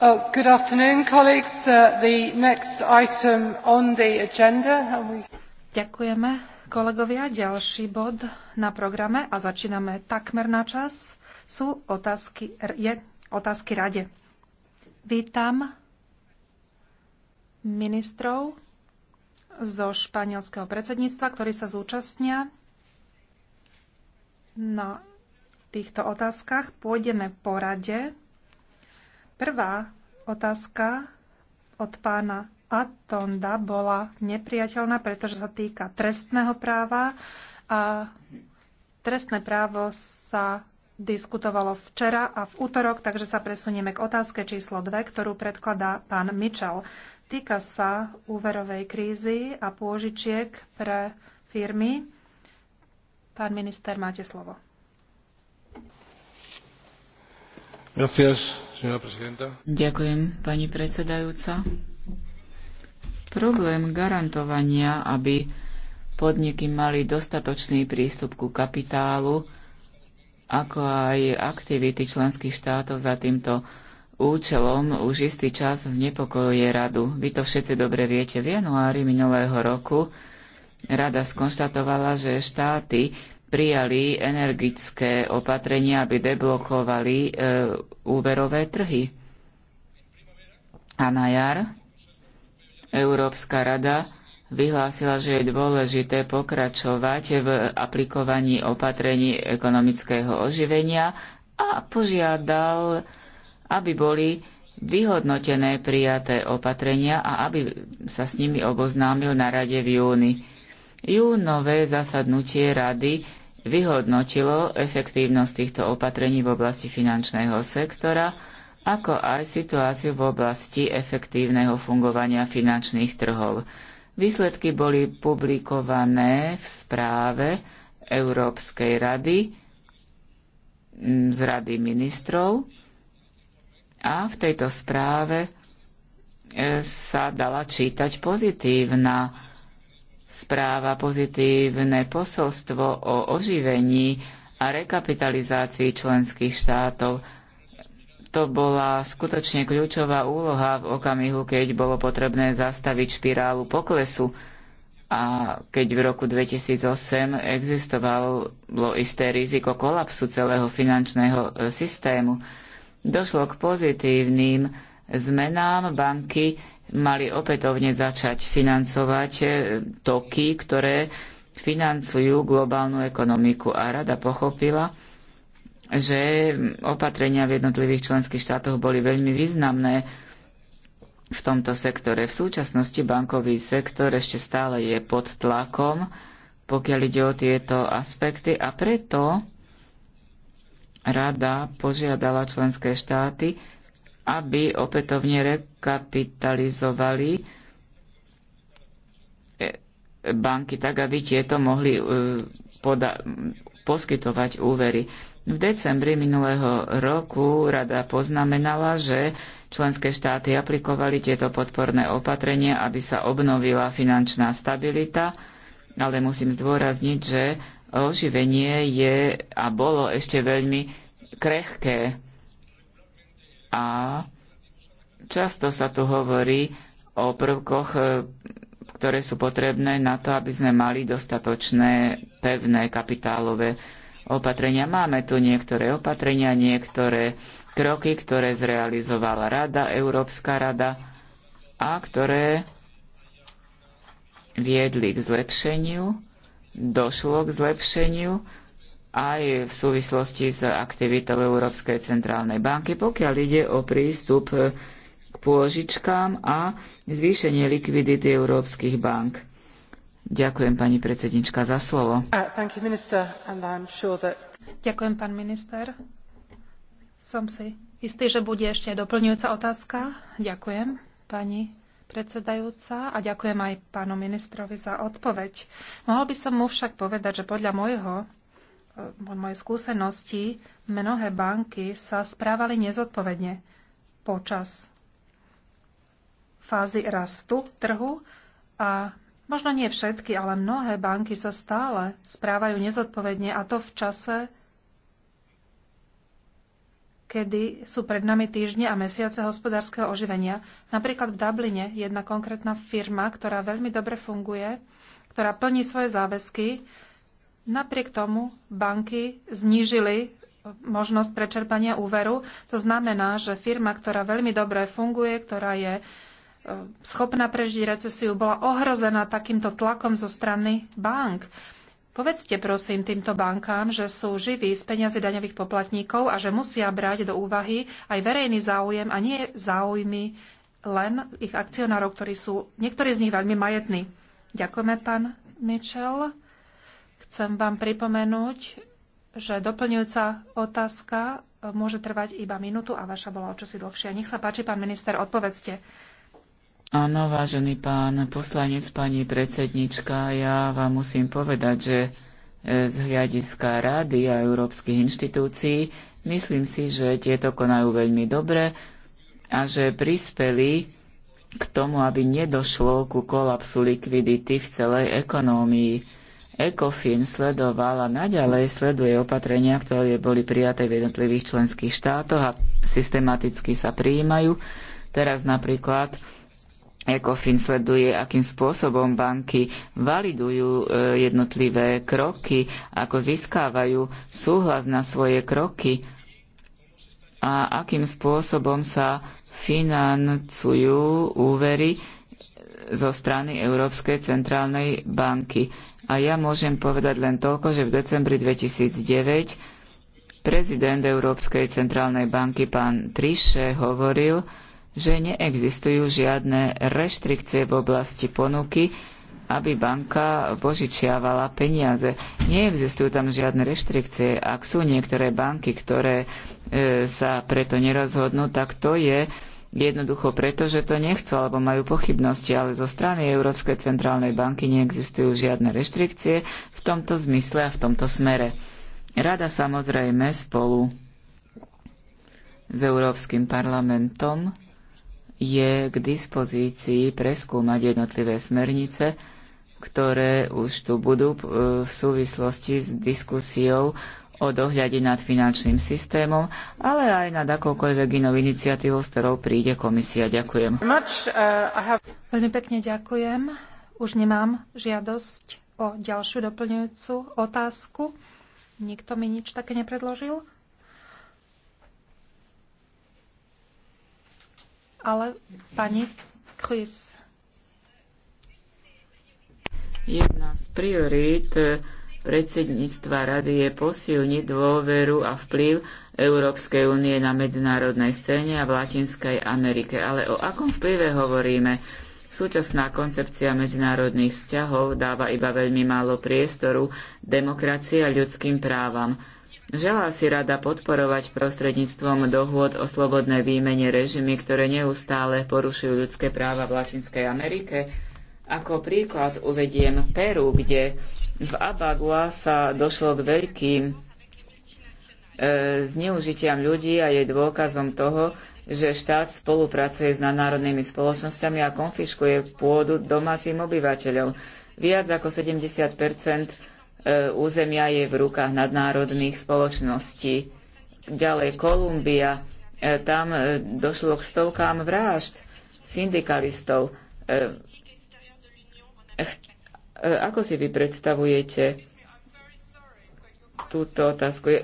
Oh, good afternoon, colleagues. Uh, the next item on the agenda. Ďakujeme, kolegovia. Ďalší bod na programe a začíname takmer na čas sú otázky, je otázky rade. Vítam ministrov zo španielského predsedníctva, ktorí sa zúčastnia na týchto otázkach. Pôjdeme po rade. Prvá otázka od pána Atonda bola nepriateľná, pretože sa týka trestného práva a trestné právo sa diskutovalo včera a v útorok, takže sa presunieme k otázke číslo 2, ktorú predkladá pán Mitchell. Týka sa úverovej krízy a pôžičiek pre firmy. Pán minister, máte slovo. Ďakujem, pani predsedajúca. Problém garantovania, aby podniky mali dostatočný prístup ku kapitálu, ako aj aktivity členských štátov za týmto účelom už istý čas znepokojuje radu. Vy to všetci dobre viete. V januári minulého roku rada skonštatovala, že štáty prijali energické opatrenia, aby deblokovali e, úverové trhy. A na jar Európska rada vyhlásila, že je dôležité pokračovať v aplikovaní opatrení ekonomického oživenia a požiadal, aby boli vyhodnotené prijaté opatrenia a aby sa s nimi oboznámil na rade v júni. Júnové zasadnutie rady vyhodnotilo efektívnosť týchto opatrení v oblasti finančného sektora, ako aj situáciu v oblasti efektívneho fungovania finančných trhov. Výsledky boli publikované v správe Európskej rady z Rady ministrov a v tejto správe e, sa dala čítať pozitívna správa pozitívne posolstvo o oživení a rekapitalizácii členských štátov. To bola skutočne kľúčová úloha v okamihu, keď bolo potrebné zastaviť špirálu poklesu a keď v roku 2008 existovalo isté riziko kolapsu celého finančného e, systému. Došlo k pozitívnym zmenám, banky mali opätovne začať financovať e, toky, ktoré financujú globálnu ekonomiku. A rada pochopila, že opatrenia v jednotlivých členských štátoch boli veľmi významné v tomto sektore. V súčasnosti bankový sektor ešte stále je pod tlakom, pokiaľ ide o tieto aspekty a preto rada požiadala členské štáty, aby opätovne rekapitalizovali e, banky tak, aby tieto mohli e, poskytovať úvery. V decembri minulého roku rada poznamenala, že členské štáty aplikovali tieto podporné opatrenia, aby sa obnovila finančná stabilita, ale musím zdôrazniť, že oživenie je a bolo ešte veľmi krehké a často sa tu hovorí o prvkoch, e, ktoré sú potrebné na to, aby sme mali dostatočné pevné kapitálové opatrenia. Máme tu niektoré opatrenia, niektoré kroky, ktoré zrealizovala Rada, Európska rada a ktoré viedli k zlepšeniu, došlo k zlepšeniu aj v súvislosti s aktivitou Európskej centrálnej banky, pokiaľ ide o prístup e, k pôžičkám a zvýšenie likvidity európskych bank. Ďakujem pani predsednička za slovo. Uh, ďakujem, pán minister. Som si istý, že bude ešte doplňujúca otázka. Ďakujem, pani predsedajúca a ďakujem aj pánu ministrovi za odpoveď. Mohol by som mu však povedať, že podľa môjho od mojej skúsenosti mnohé banky sa správali nezodpovedne počas fázy rastu trhu a možno nie všetky, ale mnohé banky sa stále správajú nezodpovedne a to v čase, kedy sú pred nami týždne a mesiace hospodárskeho oživenia. Napríklad v Dubline jedna konkrétna firma, ktorá veľmi dobre funguje, ktorá plní svoje záväzky, Napriek tomu banky znížili možnosť prečerpania úveru. To znamená, že firma, ktorá veľmi dobre funguje, ktorá je e, schopná prežiť recesiu, bola ohrozená takýmto tlakom zo strany bank. Povedzte prosím týmto bankám, že sú živí z peniazy daňových poplatníkov a že musia brať do úvahy aj verejný záujem a nie záujmy len ich akcionárov, ktorí sú niektorí z nich veľmi majetní. Ďakujeme, pán Mitchell. Chcem vám pripomenúť, že doplňujúca otázka e, môže trvať iba minútu a vaša bola očosi dlhšia. Nech sa páči, pán minister, odpovedzte. Áno, vážený pán poslanec, pani predsednička, ja vám musím povedať, že e, z hľadiska Rady a európskych inštitúcií myslím si, že tieto konajú veľmi dobre a že prispeli k tomu, aby nedošlo ku kolapsu likvidity v celej ekonómii. ECOFIN sledovala naďalej sleduje opatrenia, ktoré boli prijaté v jednotlivých členských štátoch a systematicky sa prijímajú. Teraz napríklad ECOFIN sleduje, akým spôsobom banky validujú e, jednotlivé kroky, ako získávajú súhlas na svoje kroky a akým spôsobom sa financujú úvery zo strany Európskej centrálnej banky. A ja môžem povedať len toľko, že v decembri 2009 prezident Európskej centrálnej banky pán Triše hovoril, že neexistujú žiadne reštrikcie v oblasti ponuky, aby banka požičiavala peniaze. Neexistujú tam žiadne reštrikcie. Ak sú niektoré banky, ktoré e, sa preto nerozhodnú, tak to je Jednoducho preto, že to nechcú alebo majú pochybnosti, ale zo strany Európskej centrálnej banky neexistujú žiadne reštrikcie v tomto zmysle a v tomto smere. Rada samozrejme spolu s Európskym parlamentom je k dispozícii preskúmať jednotlivé smernice, ktoré už tu budú e, v súvislosti s diskusiou o dohľade nad finančným systémom, ale aj nad akoukoľvek inou iniciatívou, s ktorou príde komisia. Ďakujem. Veľmi pekne ďakujem. Už nemám žiadosť o ďalšiu doplňujúcu otázku. Nikto mi nič také nepredložil. Ale pani Chris. Jedna z priorít predsedníctva rady je posilniť dôveru a vplyv Európskej únie na medzinárodnej scéne a v Latinskej Amerike. Ale o akom vplyve hovoríme? Súčasná koncepcia medzinárodných vzťahov dáva iba veľmi málo priestoru demokracii a ľudským právam. Želá si rada podporovať prostredníctvom dohôd o slobodnej výmene režimy, ktoré neustále porušujú ľudské práva v Latinskej Amerike. Ako príklad uvediem Peru, kde v Abagua sa došlo k veľkým e, zneužitiam ľudí a je dôkazom toho, že štát spolupracuje s nadnárodnými spoločnosťami a konfiškuje pôdu domácim obyvateľom. Viac ako 70 e, územia je v rukách nadnárodných spoločností. Ďalej Kolumbia, e, tam e, došlo k stovkám vražd syndikalistov E, ako si vy predstavujete túto otázku?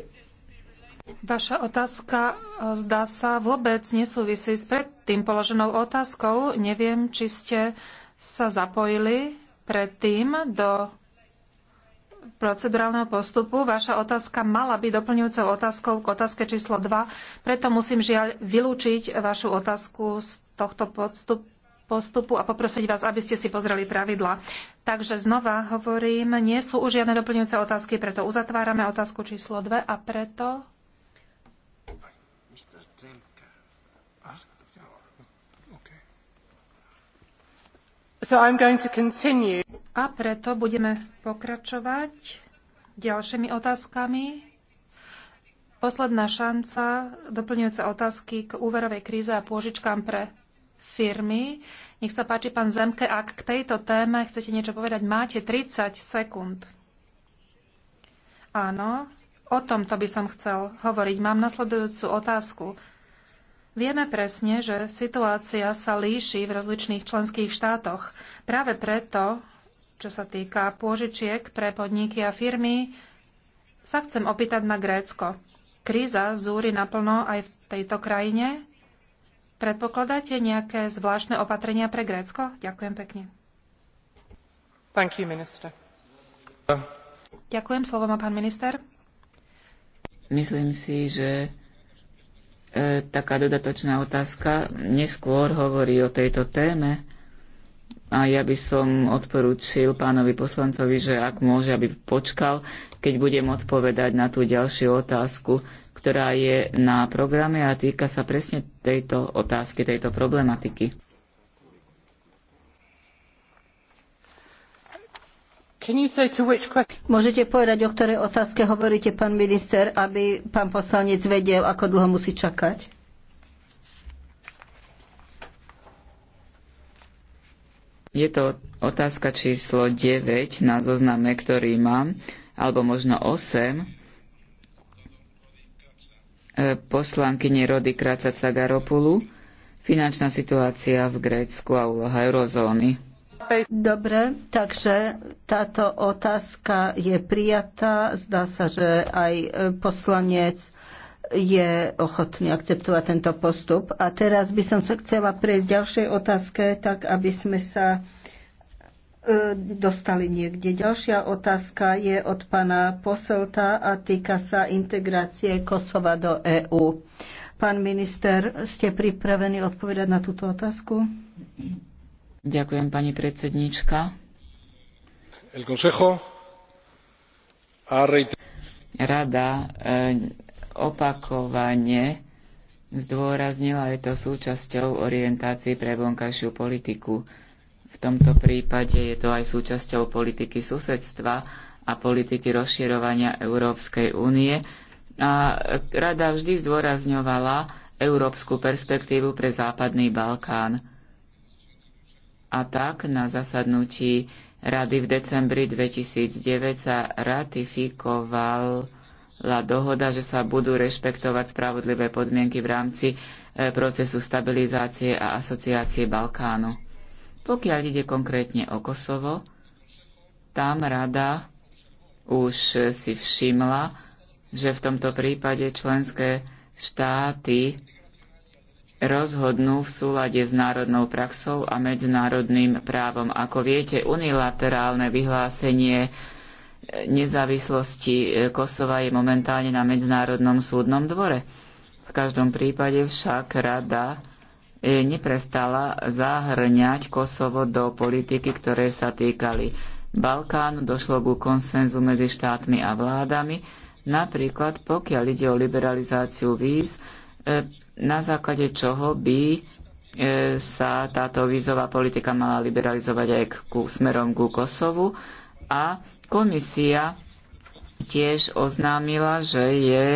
Vaša otázka e, zdá sa vôbec nesúvisí s predtým položenou otázkou. Neviem, či ste sa zapojili predtým do procedurálneho postupu. Vaša otázka mala byť doplňujúcou otázkou k otázke číslo 2, preto musím žiaľ vylúčiť vašu otázku z tohto postupu postupu a poprosiť vás, aby ste si pozreli pravidla. Takže znova hovorím, nie sú už žiadne doplňujúce otázky, preto uzatvárame otázku číslo 2 a preto... So I'm going to continue. A preto budeme pokračovať ďalšími otázkami. Posledná šanca, doplňujúce otázky k úverovej kríze a pôžičkám pre firmy. Nech sa páči, pán Zemke, ak k tejto téme chcete niečo povedať, máte 30 sekúnd. Áno, o tomto by som chcel hovoriť. Mám nasledujúcu otázku. Vieme presne, že situácia sa líši v rozličných členských štátoch. Práve preto, čo sa týka pôžičiek pre podniky a firmy, sa chcem opýtať na Grécko. Kríza zúri naplno aj v tejto krajine Predpokladáte nejaké zvláštne opatrenia pre Grécko? Ďakujem pekne. Thank you, minister. Ďakujem, slovo má pán minister. Myslím si, že e, taká dodatočná otázka neskôr hovorí o tejto téme a ja by som odporúčil pánovi poslancovi, že ak môže, aby počkal, keď budem odpovedať na tú ďalšiu otázku ktorá je na programe a týka sa presne tejto otázky, tejto problematiky. Môžete povedať, o ktorej otázke hovoríte, pán minister, aby pán poslanec vedel, ako dlho musí čakať? Je to otázka číslo 9 na zozname, ktorý mám, alebo možno 8 poslankyne Rody Kráca Cagaropulu, finančná situácia v Grécku a úloha eurozóny. Dobre, takže táto otázka je prijatá. Zdá sa, že aj poslanec je ochotný akceptovať tento postup. A teraz by som sa chcela prejsť ďalšej otázke, tak aby sme sa E, dostali niekde. Ďalšia otázka je od pána Poselta a týka sa integrácie Kosova do EÚ. Pán minister, ste pripravení odpovedať na túto otázku? Ďakujem, pani predsednička. El Consejo a Rada e, opakovane zdôraznila, je to súčasťou orientácií pre vonkajšiu politiku v tomto prípade je to aj súčasťou politiky susedstva a politiky rozširovania Európskej únie a rada vždy zdôrazňovala európsku perspektívu pre Západný Balkán. A tak na zasadnutí rady v decembri 2009 sa ratifikoval la dohoda, že sa budú rešpektovať spravodlivé podmienky v rámci eh, procesu stabilizácie a asociácie Balkánu. Pokiaľ ide konkrétne o Kosovo, tam rada už si všimla, že v tomto prípade členské štáty rozhodnú v súlade s národnou praxou a medzinárodným právom. Ako viete, unilaterálne vyhlásenie nezávislosti Kosova je momentálne na Medzinárodnom súdnom dvore. V každom prípade však rada E, neprestala zahrňať Kosovo do politiky, ktoré sa týkali Balkánu, došlo ku konsenzu medzi štátmi a vládami, napríklad pokiaľ ide o liberalizáciu víz, e, na základe čoho by e, sa táto vízová politika mala liberalizovať aj ku, smerom ku Kosovu a komisia tiež oznámila, že je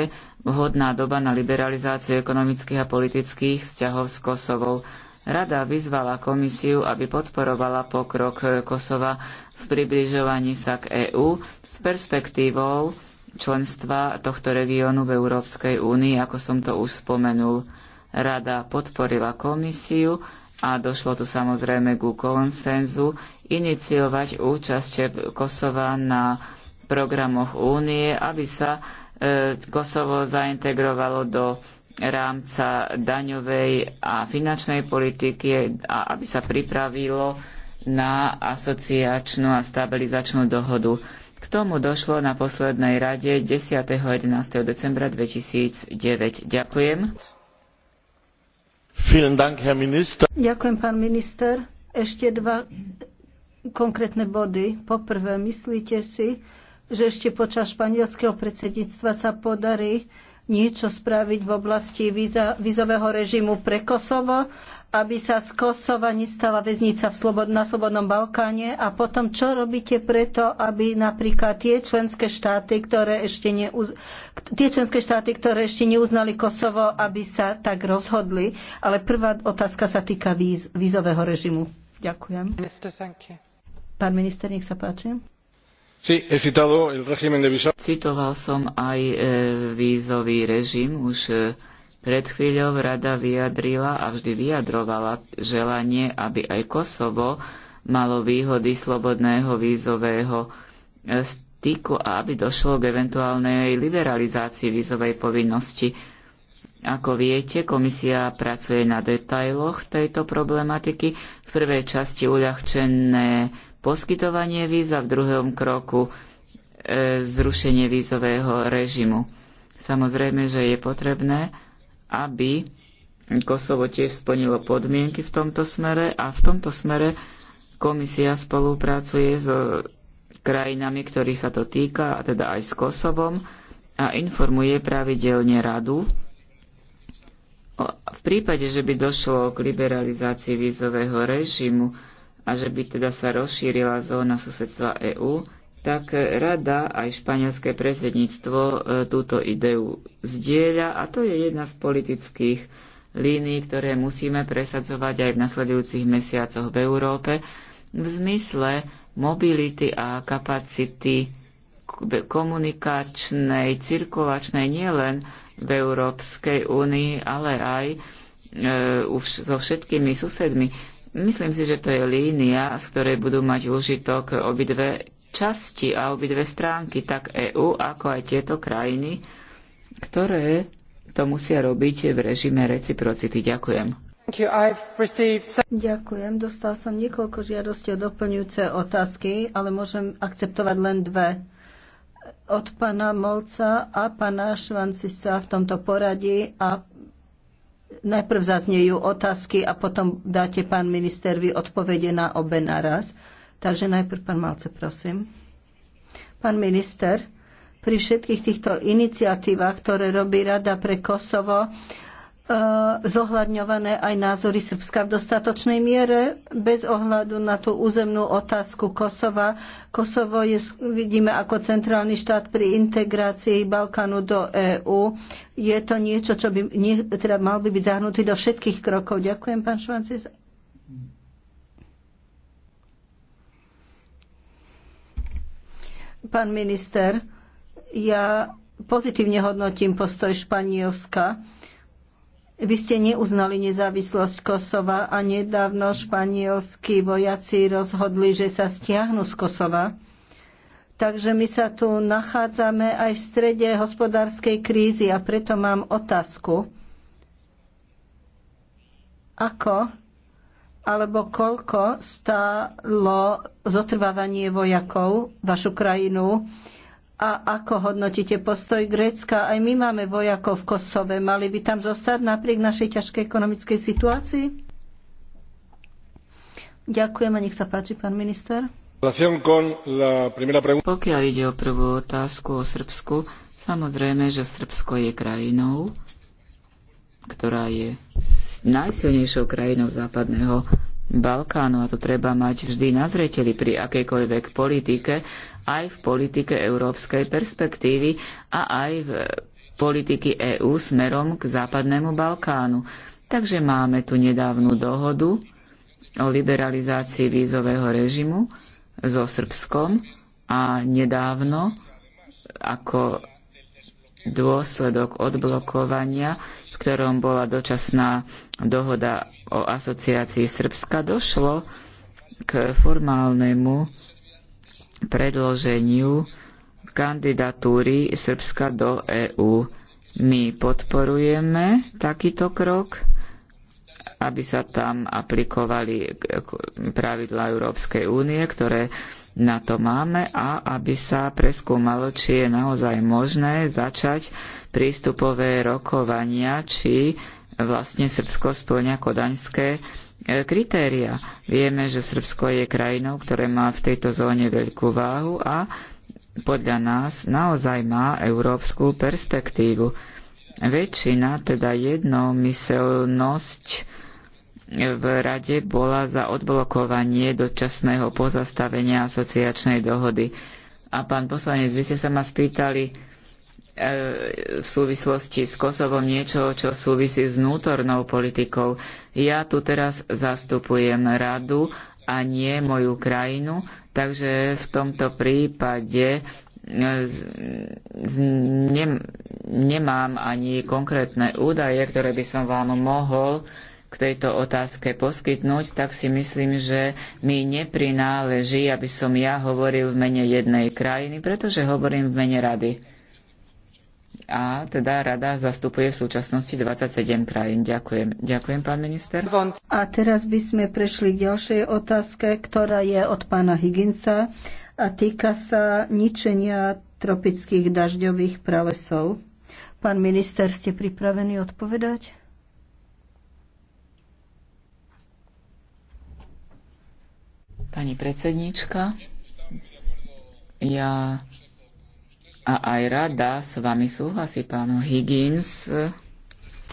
vhodná doba na liberalizáciu ekonomických a politických vzťahov s Kosovou. Rada vyzvala komisiu, aby podporovala pokrok Kosova v približovaní sa k EÚ s perspektívou členstva tohto regiónu v Európskej únii, ako som to už spomenul. Rada podporila komisiu a došlo tu samozrejme ku konsenzu iniciovať účasť Kosova na programoch únie, aby sa E, Kosovo zaintegrovalo do rámca daňovej a finančnej politiky, aby sa pripravilo na asociačnú a stabilizačnú dohodu. K tomu došlo na poslednej rade 10. a 11. decembra 2009. Ďakujem. Ďakujem, pán minister. Ešte dva konkrétne body. Poprvé, myslíte si, že ešte počas španielského predsedníctva sa podarí niečo spraviť v oblasti vízového režimu pre Kosovo, aby sa z Kosova nestala väznica slobod, na Slobodnom Balkáne a potom čo robíte preto, aby napríklad tie členské štáty, ktoré ešte, neuz, tie členské štáty, ktoré ešte neuznali Kosovo, aby sa tak rozhodli. Ale prvá otázka sa týka víz, vízového režimu. Ďakujem. Pán minister, nech sa páči. Citoval som aj e, vízový režim. Už e, pred chvíľou rada vyjadrila a vždy vyjadrovala želanie, aby aj Kosovo malo výhody slobodného vízového e, styku a aby došlo k eventuálnej liberalizácii vízovej povinnosti. Ako viete, komisia pracuje na detailoch tejto problematiky. V prvej časti uľahčené poskytovanie víza, v druhom kroku e, zrušenie vízového režimu. Samozrejme, že je potrebné, aby Kosovo tiež splnilo podmienky v tomto smere a v tomto smere komisia spolupracuje so krajinami, ktorých sa to týka, a teda aj s Kosovom, a informuje pravidelne radu. V prípade, že by došlo k liberalizácii vízového režimu, a že by teda sa rozšírila zóna susedstva EÚ, tak rada aj španielské predsedníctvo e, túto ideu zdieľa a to je jedna z politických línií, ktoré musíme presadzovať aj v nasledujúcich mesiacoch v Európe v zmysle mobility a kapacity komunikačnej, cirkulačnej nielen v Európskej únii, ale aj e, so všetkými susedmi. Myslím si, že to je línia, z ktorej budú mať užitok obidve časti a obidve stránky, tak EÚ, ako aj tieto krajiny, ktoré to musia robiť v režime reciprocity. Ďakujem. Ďakujem. Dostal som niekoľko žiadostí o doplňujúce otázky, ale môžem akceptovať len dve. Od pána Molca a pána Švancisa v tomto poradí a Najprv zaznejú otázky a potom dáte, pán minister, vy odpovede na obe naraz. Takže najprv pán Malce, prosím. Pán minister, pri všetkých týchto iniciatívach, ktoré robí Rada pre Kosovo, E, zohľadňované aj názory Srbska v dostatočnej miere, bez ohľadu na tú územnú otázku Kosova. Kosovo je, vidíme ako centrálny štát pri integrácii Balkánu do EÚ. Je to niečo, čo by nie, teda mal by byť zahrnutý do všetkých krokov. Ďakujem, pán Švancis. Pán minister, ja pozitívne hodnotím postoj Španielska vy ste neuznali nezávislosť Kosova a nedávno španielskí vojaci rozhodli, že sa stiahnu z Kosova. Takže my sa tu nachádzame aj v strede hospodárskej krízy a preto mám otázku. Ako alebo koľko stálo zotrvávanie vojakov vašu krajinu? A ako hodnotíte postoj Grécka? Aj my máme vojakov v Kosove. Mali by tam zostať napriek našej ťažkej ekonomickej situácii? Ďakujem a nech sa páči, pán minister. Pokiaľ ide o prvú otázku o Srbsku, samozrejme, že Srbsko je krajinou, ktorá je najsilnejšou krajinou západného Balkánu a to treba mať vždy na zreteli pri akejkoľvek politike, aj v politike európskej perspektívy a aj v politiky EÚ smerom k západnému Balkánu. Takže máme tu nedávnu dohodu o liberalizácii vízového režimu so Srbskom a nedávno ako dôsledok odblokovania ktorom bola dočasná dohoda o asociácii Srbska, došlo k formálnemu predloženiu kandidatúry Srbska do EÚ. My podporujeme takýto krok, aby sa tam aplikovali pravidla Európskej únie, ktoré na to máme a aby sa preskúmalo, či je naozaj možné začať prístupové rokovania, či vlastne Srbsko splňa kodaňské e, kritéria. Vieme, že Srbsko je krajinou, ktoré má v tejto zóne veľkú váhu a podľa nás naozaj má európsku perspektívu. Väčšina, teda jednomyselnosť v rade bola za odblokovanie dočasného pozastavenia asociačnej dohody. A pán poslanec, vy ste sa ma spýtali, v súvislosti s Kosovom niečo, čo súvisí s vnútornou politikou. Ja tu teraz zastupujem radu a nie moju krajinu, takže v tomto prípade e, ne, nemám ani konkrétne údaje, ktoré by som vám mohol k tejto otázke poskytnúť, tak si myslím, že mi neprináleží, aby som ja hovoril v mene jednej krajiny, pretože hovorím v mene rady a teda rada zastupuje v súčasnosti 27 krajín. Ďakujem. Ďakujem, pán minister. A teraz by sme prešli k ďalšej otázke, ktorá je od pána Higginsa a týka sa ničenia tropických dažďových pralesov. Pán minister, ste pripravení odpovedať? Pani predsedníčka, ja a aj rada s vami súhlasí, pán Higgins.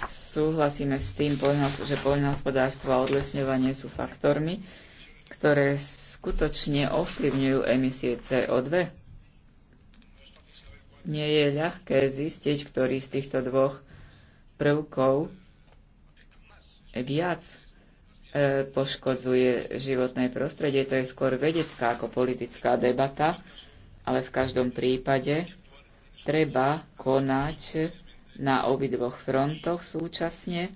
Súhlasíme s tým, že poľnohospodárstvo a odlesňovanie sú faktormi, ktoré skutočne ovplyvňujú emisie CO2. Nie je ľahké zistiť, ktorý z týchto dvoch prvkov viac e, poškodzuje životné prostredie. To je skôr vedecká ako politická debata, ale v každom prípade treba konať na obidvoch frontoch súčasne.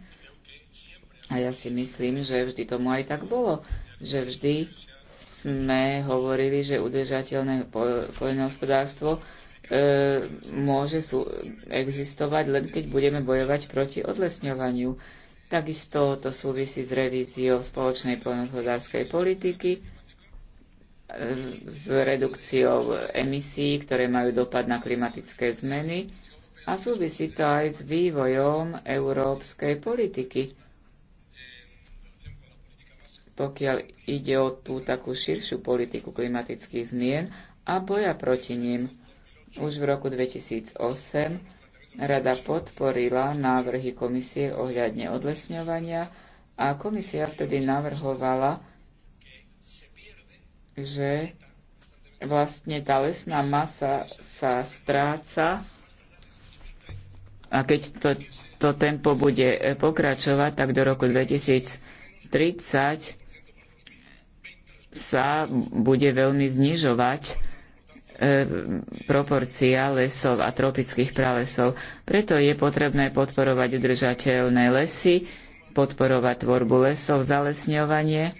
A ja si myslím, že vždy tomu aj tak bolo, že vždy sme hovorili, že udržateľné poľnohospodárstvo e, môže sú, existovať len keď budeme bojovať proti odlesňovaniu. Takisto to súvisí s revíziou spoločnej poľnohospodárskej politiky s redukciou emisí, ktoré majú dopad na klimatické zmeny a súvisí to aj s vývojom európskej politiky. Pokiaľ ide o tú takú širšiu politiku klimatických zmien a boja proti ním. už v roku 2008 Rada podporila návrhy komisie ohľadne odlesňovania a komisia vtedy navrhovala že vlastne tá lesná masa sa stráca a keď to, to tempo bude eh, pokračovať, tak do roku 2030 sa bude veľmi znižovať e, proporcia lesov a tropických pralesov. Preto je potrebné podporovať udržateľné lesy, podporovať tvorbu lesov, zalesňovanie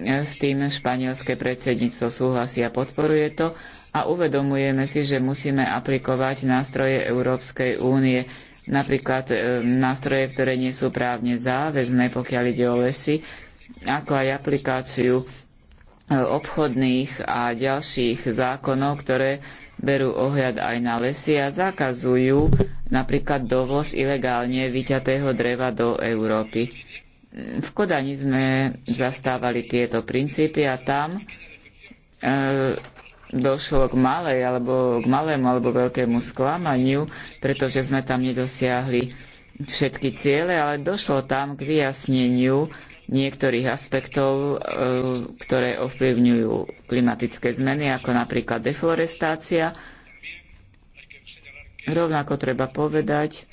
s tým španielské predsedníctvo súhlasí a podporuje to a uvedomujeme si, že musíme aplikovať nástroje Európskej únie, napríklad e, nástroje, ktoré nie sú právne záväzné, pokiaľ ide o lesy, ako aj aplikáciu e, obchodných a ďalších zákonov, ktoré berú ohľad aj na lesy a zakazujú napríklad dovoz ilegálne vyťatého dreva do Európy. V Kodani sme zastávali tieto princípy a tam e, došlo k malej alebo k malému alebo veľkému sklamaniu, pretože sme tam nedosiahli všetky ciele, ale došlo tam k vyjasneniu niektorých aspektov, e, ktoré ovplyvňujú klimatické zmeny, ako napríklad deforestácia. Rovnako treba povedať,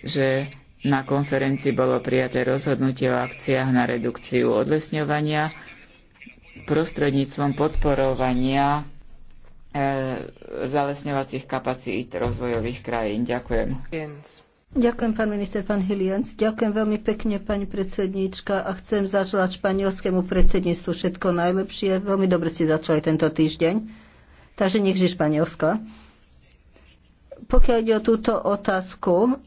že na konferencii bolo prijaté rozhodnutie o akciách na redukciu odlesňovania prostredníctvom podporovania e, zalesňovacích kapacít rozvojových krajín. Ďakujem. Ďakujem, pán minister, pán Hilians. Ďakujem veľmi pekne, pani predsedníčka, a chcem začať španielskému predsedníctvu všetko najlepšie. Veľmi dobre ste začali tento týždeň, takže žije Španielsko. Pokiaľ ide o túto otázku,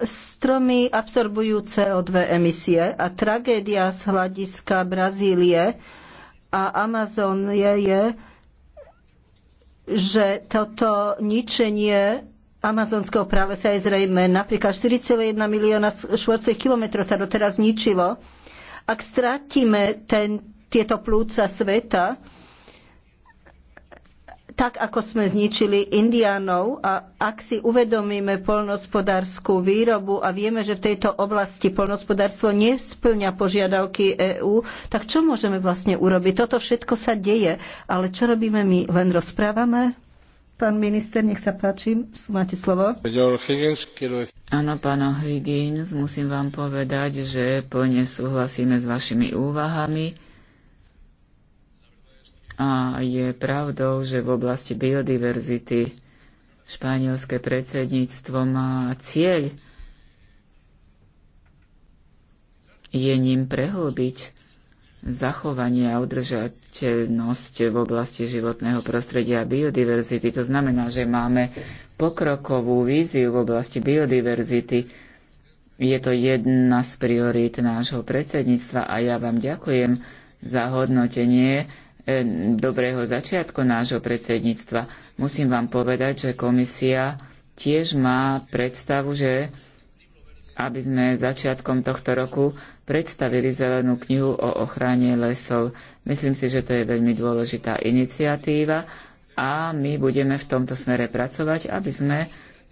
Stromy absorbujú CO2 emisie a tragédia z hľadiska Brazílie a Amazónie je, že toto ničenie amazonského práva sa je zrejme. Napríklad 4,1 milióna štvorcových kilometrov sa doteraz ničilo. Ak strátime ten, tieto plúca sveta, tak ako sme zničili Indiánov a ak si uvedomíme poľnohospodárskú výrobu a vieme, že v tejto oblasti poľnohospodárstvo nesplňa požiadavky EÚ, tak čo môžeme vlastne urobiť? Toto všetko sa deje, ale čo robíme my? Len rozprávame? Pán minister, nech sa páči, máte slovo. Áno, pán Higgins, musím vám povedať, že plne súhlasíme s vašimi úvahami a je pravdou, že v oblasti biodiverzity španielské predsedníctvo má cieľ. Je ním prehlbiť zachovanie a udržateľnosť v oblasti životného prostredia a biodiverzity. To znamená, že máme pokrokovú víziu v oblasti biodiverzity. Je to jedna z priorít nášho predsedníctva a ja vám ďakujem za hodnotenie E, dobrého začiatku nášho predsedníctva. Musím vám povedať, že komisia tiež má predstavu, že aby sme začiatkom tohto roku predstavili zelenú knihu o ochrane lesov. Myslím si, že to je veľmi dôležitá iniciatíva a my budeme v tomto smere pracovať, aby sme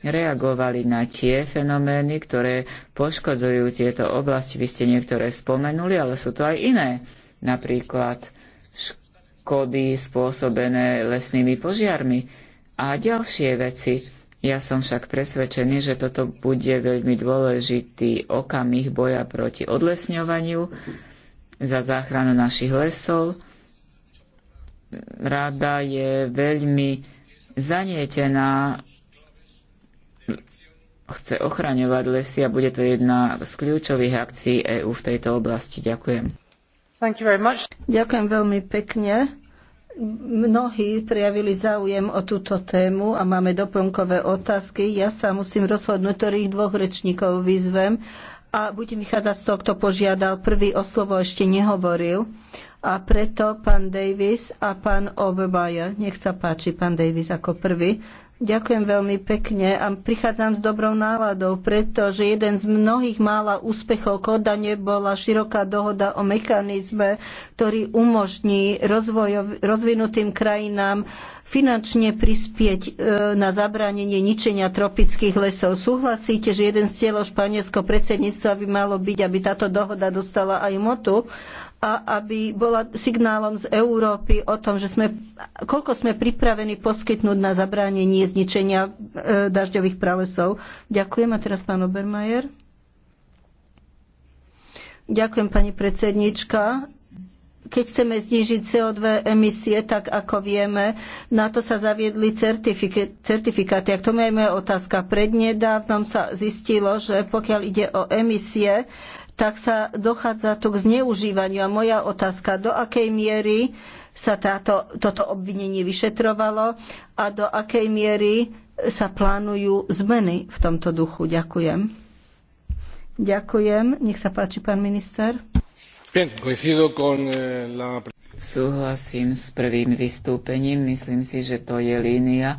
reagovali na tie fenomény, ktoré poškodzujú tieto oblasti. Vy ste niektoré spomenuli, ale sú to aj iné. Napríklad škody spôsobené lesnými požiarmi a ďalšie veci. Ja som však presvedčený, že toto bude veľmi dôležitý okamih boja proti odlesňovaniu za záchranu našich lesov. Rada je veľmi zanietená, chce ochraňovať lesy a bude to jedna z kľúčových akcií EÚ v tejto oblasti. Ďakujem. Ďakujem veľmi pekne. Mnohí prijavili záujem o túto tému a máme doplnkové otázky. Ja sa musím rozhodnúť, ktorých dvoch rečníkov vyzvem a budem vychádzať z toho, kto požiadal. Prvý o slovo ešte nehovoril a preto pán Davis a pán Obebaja. Nech sa páči, pán Davis ako prvý. Ďakujem veľmi pekne a prichádzam s dobrou náladou, pretože jeden z mnohých mála úspechov Kodane bola široká dohoda o mechanizme, ktorý umožní rozvojov, rozvinutým krajinám finančne prispieť e, na zabránenie ničenia tropických lesov. Súhlasíte, že jeden z cieľov španielského predsedníctva by malo byť, aby táto dohoda dostala aj motu? a aby bola signálom z Európy o tom, že sme, koľko sme pripravení poskytnúť na zabránenie zničenia e, dažďových pralesov. Ďakujem. A teraz pán Obermajer. Ďakujem, pani predsednička keď chceme znížiť CO2 emisie, tak ako vieme, na to sa zaviedli certifikáty. A k tomu je moja otázka. Prednedávnom sa zistilo, že pokiaľ ide o emisie, tak sa dochádza tu k zneužívaniu. A moja otázka, do akej miery sa táto, toto obvinenie vyšetrovalo a do akej miery sa plánujú zmeny v tomto duchu. Ďakujem. Ďakujem. Nech sa páči, pán minister. Eh, Súhlasím s prvým vystúpením. Myslím si, že to je línia,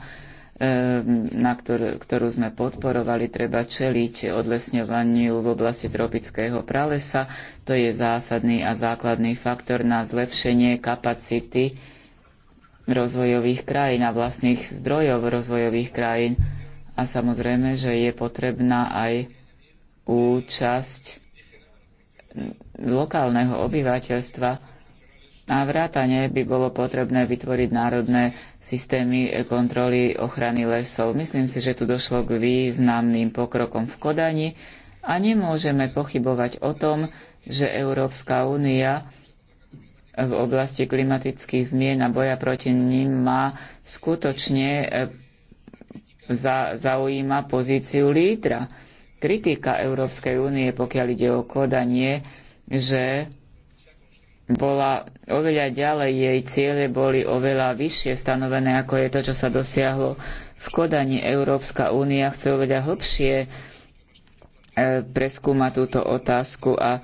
na ktorú, ktorú sme podporovali, treba čeliť odlesňovaniu v oblasti tropického pralesa. To je zásadný a základný faktor na zlepšenie kapacity rozvojových krajín a vlastných zdrojov rozvojových krajín. A samozrejme, že je potrebná aj účasť lokálneho obyvateľstva a vrátane by bolo potrebné vytvoriť národné systémy kontroly ochrany lesov. Myslím si, že tu došlo k významným pokrokom v Kodani a nemôžeme pochybovať o tom, že Európska únia v oblasti klimatických zmien a boja proti ním má skutočne e, za, zaujíma pozíciu lídra. Kritika Európskej únie, pokiaľ ide o kodanie, že bola oveľa ďalej, jej ciele boli oveľa vyššie stanovené, ako je to, čo sa dosiahlo v Kodani. Európska únia chce oveľa hlbšie e, preskúmať túto otázku a e,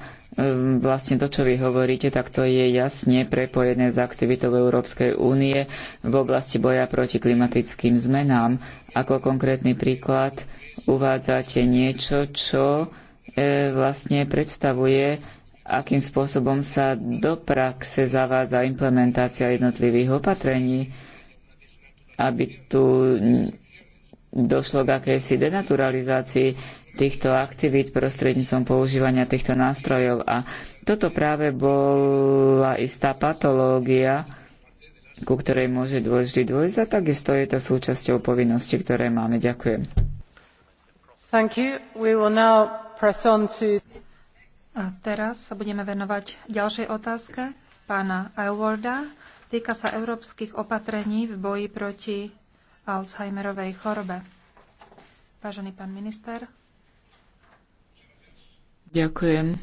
vlastne to, čo vy hovoríte, tak to je jasne prepojené s aktivitou Európskej únie v oblasti boja proti klimatickým zmenám. Ako konkrétny príklad uvádzate niečo, čo e, vlastne predstavuje akým spôsobom sa do praxe zavádza implementácia jednotlivých opatrení, aby tu došlo k akejsi denaturalizácii týchto aktivít prostredníctvom používania týchto nástrojov. A toto práve bola istá patológia, ku ktorej môže dôjsť dôjsť a takisto je to súčasťou povinnosti, ktoré máme. Ďakujem. Thank you. We will now press on to... A teraz sa budeme venovať ďalšej otázke pána Aylwarda. Týka sa európskych opatrení v boji proti Alzheimerovej chorobe. Vážený pán minister. Ďakujem.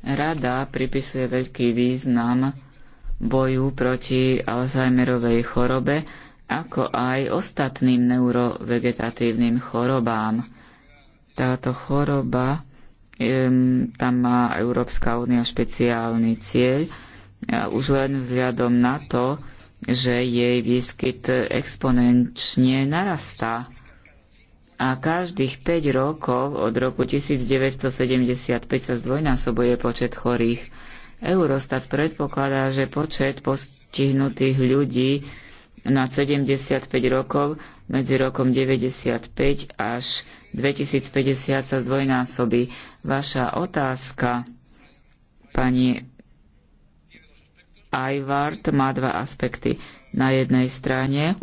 Rada pripisuje veľký význam boju proti Alzheimerovej chorobe, ako aj ostatným neurovegetatívnym chorobám. Táto choroba, tam má Európska únia špeciálny cieľ, už len vzhľadom na to, že jej výskyt exponenčne narastá a každých 5 rokov od roku 1975 sa zdvojnásobuje počet chorých. Eurostat predpokladá, že počet postihnutých ľudí na 75 rokov, medzi rokom 95 až 2050 sa zdvojnásobí. Vaša otázka, pani IVART, má dva aspekty. Na jednej strane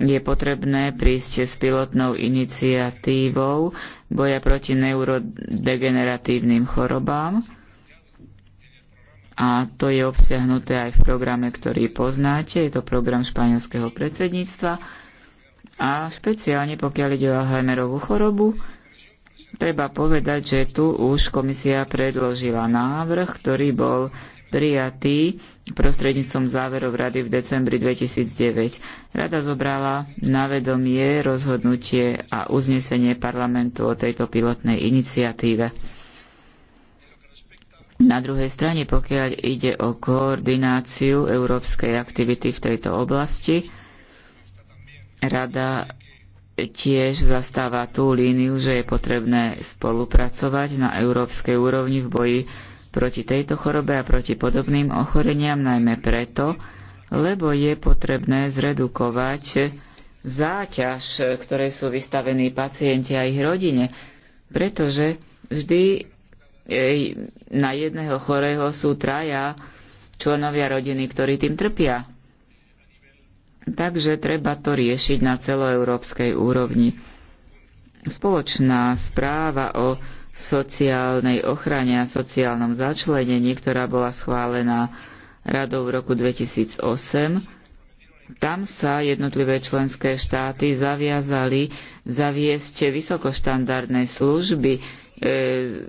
je potrebné prísť s pilotnou iniciatívou boja proti neurodegeneratívnym chorobám a to je obsiahnuté aj v programe, ktorý poznáte. Je to program španielského predsedníctva. A špeciálne pokiaľ ide o Alzheimerovú chorobu, treba povedať, že tu už komisia predložila návrh, ktorý bol prijatý prostredníctvom záverov rady v decembri 2009. Rada zobrala na vedomie rozhodnutie a uznesenie parlamentu o tejto pilotnej iniciatíve. Na druhej strane, pokiaľ ide o koordináciu európskej aktivity v tejto oblasti, Rada tiež zastáva tú líniu, že je potrebné spolupracovať na európskej úrovni v boji proti tejto chorobe a proti podobným ochoreniam, najmä preto, lebo je potrebné zredukovať záťaž, ktorej sú vystavení pacienti a ich rodine, pretože vždy na jedného chorého sú traja členovia rodiny, ktorí tým trpia. Takže treba to riešiť na celoeurópskej úrovni. Spoločná správa o sociálnej ochrane a sociálnom začlenení, ktorá bola schválená radou v roku 2008, tam sa jednotlivé členské štáty zaviazali zaviesť vysokoštandardné služby, E,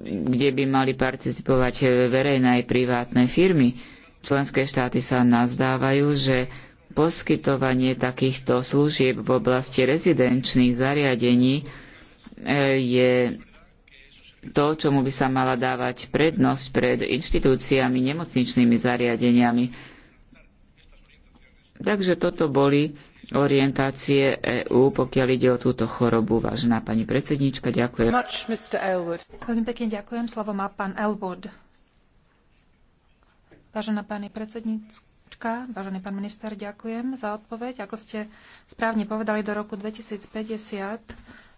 kde by mali participovať e, verejné aj privátne firmy. Členské štáty sa nazdávajú, že poskytovanie takýchto služieb v oblasti rezidenčných zariadení e, je to, čomu by sa mala dávať prednosť pred inštitúciami, nemocničnými zariadeniami. Takže toto boli orientácie EÚ, pokiaľ ide o túto chorobu. Vážená pani predsedníčka, ďakujem. Veľmi pekne ďakujem. Slovo má pán Elwood. Vážená pani predsedníčka, vážený pán minister, ďakujem za odpoveď. Ako ste správne povedali, do roku 2050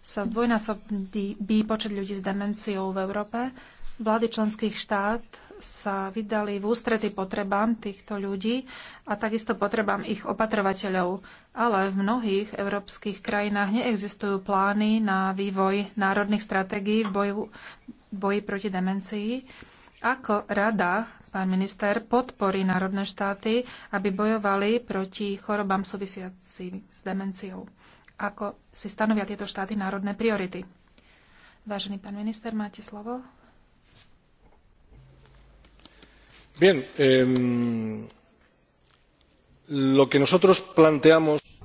sa zdvojnásobí počet ľudí s demenciou v Európe Vlády členských štát sa vydali v ústrety potrebám týchto ľudí a takisto potrebám ich opatrovateľov. Ale v mnohých európskych krajinách neexistujú plány na vývoj národných stratégií v boju, boji proti demencii. Ako rada, pán minister, podporí národné štáty, aby bojovali proti chorobám súvisiacim s demenciou? Ako si stanovia tieto štáty národné priority? Vážený pán minister, máte slovo.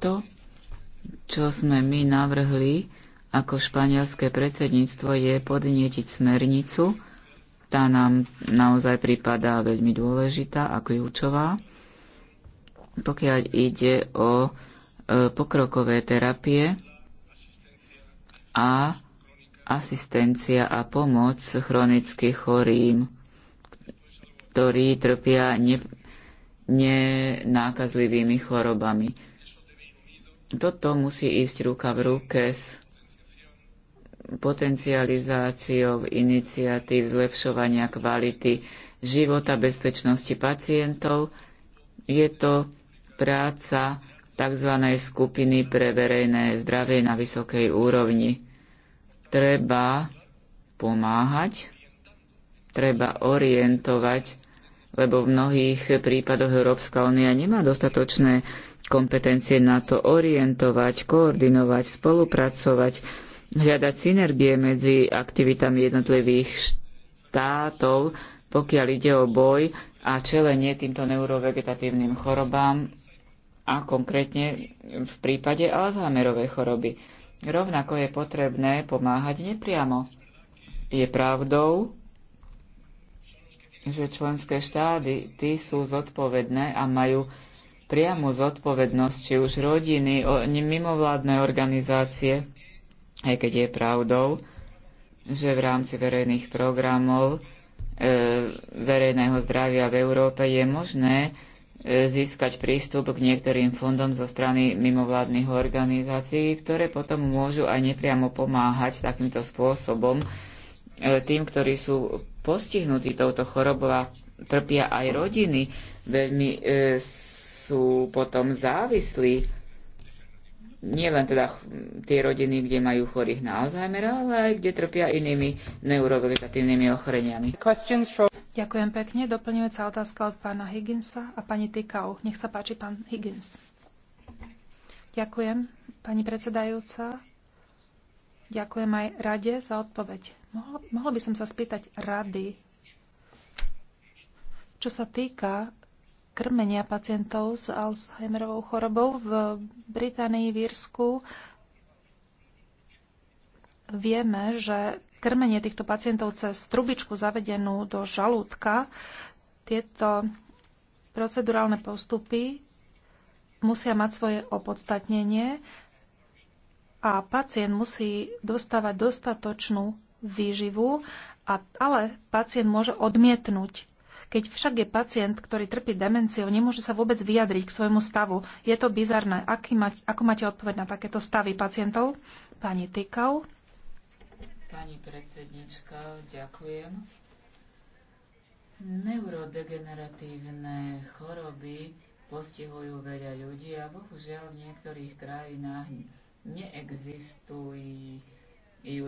To, čo sme my navrhli ako španielske predsedníctvo, je podnietiť smernicu. Tá nám naozaj prípada veľmi dôležitá a kľúčová. Pokiaľ ide o e, pokrokové terapie a asistencia a pomoc chronicky chorým ktorí trpia ne, nenákazlivými chorobami. Toto musí ísť ruka v ruke s potencializáciou iniciatív zlepšovania kvality života, bezpečnosti pacientov. Je to práca tzv. skupiny pre verejné zdravie na vysokej úrovni. Treba pomáhať, treba orientovať lebo v mnohých prípadoch Európska únia nemá dostatočné kompetencie na to orientovať, koordinovať, spolupracovať, hľadať synergie medzi aktivitami jednotlivých štátov, pokiaľ ide o boj a čelenie týmto neurovegetatívnym chorobám a konkrétne v prípade Alzheimerovej choroby. Rovnako je potrebné pomáhať nepriamo. Je pravdou, že členské štády tí sú zodpovedné a majú priamu zodpovednosť, či už rodiny, mimovládne organizácie, aj keď je pravdou, že v rámci verejných programov e, verejného zdravia v Európe je možné e, získať prístup k niektorým fondom zo strany mimovládnych organizácií, ktoré potom môžu aj nepriamo pomáhať takýmto spôsobom e, tým, ktorí sú postihnutí touto chorobou a trpia aj rodiny. Veľmi e, sú potom závislí. Nie len teda tie rodiny, kde majú chorých na Alzheimera, ale aj kde trpia inými neurovegetatívnymi ochoreniami. Ďakujem pekne. Doplňujúca otázka od pána Higginsa a pani Tykau. Nech sa páči, pán Higgins. Ďakujem, pani predsedajúca. Ďakujem aj rade za odpoveď. Mohla, by som sa spýtať rady, čo sa týka krmenia pacientov s Alzheimerovou chorobou v Británii, v Írsku. Vieme, že krmenie týchto pacientov cez trubičku zavedenú do žalúdka, tieto procedurálne postupy musia mať svoje opodstatnenie a pacient musí dostávať dostatočnú výživu, a, ale pacient môže odmietnúť. Keď však je pacient, ktorý trpí demenciou, nemôže sa vôbec vyjadriť k svojmu stavu. Je to bizarné. Aký mať, ako máte odpoveď na takéto stavy pacientov? Pani Tykau. Pani predsednička, ďakujem. Neurodegeneratívne choroby postihujú veľa ľudí a bohužiaľ v niektorých krajinách neexistujú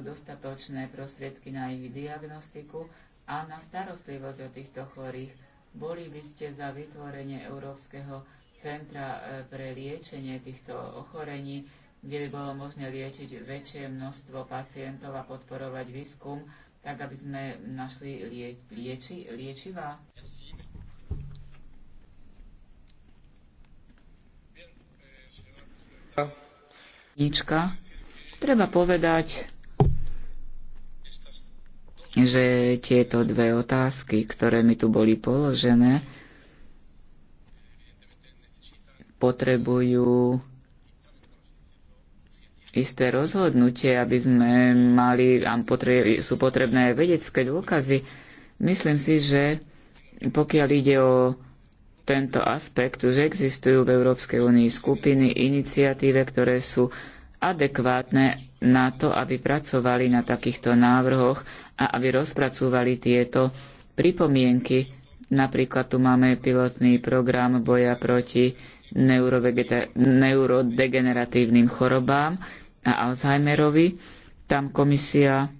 dostatočné prostriedky na ich diagnostiku a na starostlivosť o týchto chorých. Boli by ste za vytvorenie Európskeho centra e, pre liečenie týchto ochorení, kde by bolo možné liečiť väčšie množstvo pacientov a podporovať výskum, tak aby sme našli lieči, liečivá? Nička. Treba povedať, že tieto dve otázky, ktoré mi tu boli položené, potrebujú isté rozhodnutie, aby sme mali, a sú potrebné vedecké dôkazy. Myslím si, že pokiaľ ide o tento aspekt už existujú v Európskej únii skupiny, iniciatíve, ktoré sú adekvátne na to, aby pracovali na takýchto návrhoch a aby rozpracúvali tieto pripomienky. Napríklad tu máme pilotný program boja proti neurodegeneratívnym chorobám a Alzheimerovi. Tam komisia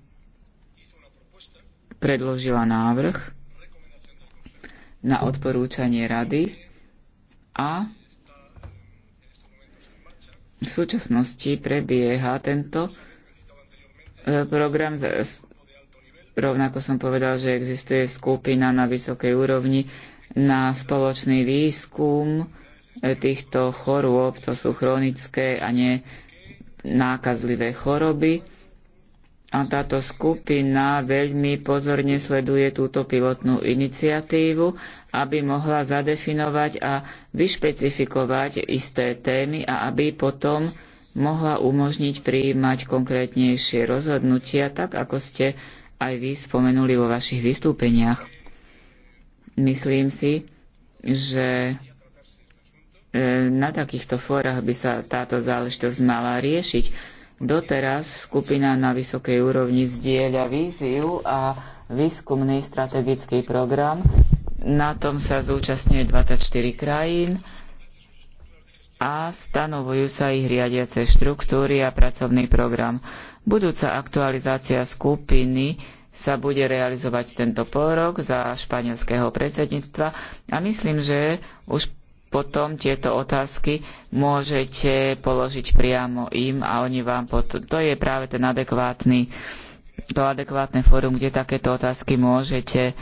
predložila návrh na odporúčanie rady a v súčasnosti prebieha tento e, program. Rovnako som povedal, že existuje skupina na vysokej úrovni na spoločný výskum e, týchto chorôb, to sú chronické a nie nákazlivé choroby a táto skupina veľmi pozorne sleduje túto pilotnú iniciatívu, aby mohla zadefinovať a vyšpecifikovať isté témy a aby potom mohla umožniť prijímať konkrétnejšie rozhodnutia, tak ako ste aj vy spomenuli vo vašich vystúpeniach. Myslím si, že e, na takýchto fórach by sa táto záležitosť mala riešiť Doteraz skupina na vysokej úrovni zdieľa víziu a výskumný strategický program. Na tom sa zúčastňuje 24 krajín a stanovujú sa ich riadiace štruktúry a pracovný program. Budúca aktualizácia skupiny sa bude realizovať tento porok za španielského predsedníctva a myslím, že už potom tieto otázky môžete položiť priamo im a oni vám potom... To je práve ten adekvátny, to adekvátne fórum, kde takéto otázky môžete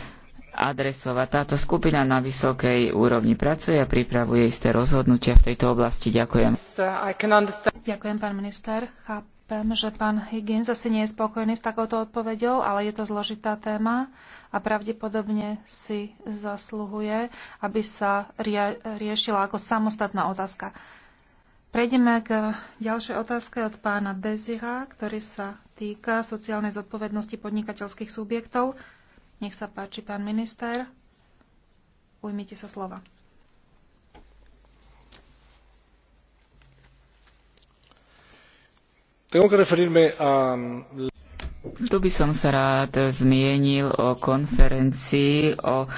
adresovať. Táto skupina na vysokej úrovni pracuje a pripravuje isté rozhodnutia v tejto oblasti. Ďakujem. Ďakujem, pán minister. Chápem, že pán Higgins asi nie je spokojný s takouto odpoveďou, ale je to zložitá téma a pravdepodobne si zasluhuje, aby sa riešila ako samostatná otázka. Prejdeme k ďalšej otázke od pána Dezira, ktorý sa týka sociálnej zodpovednosti podnikateľských subjektov. Nech sa páči, pán minister. Ujmite sa slova. Tengo que referirme a tu by som sa rád zmienil o konferencii o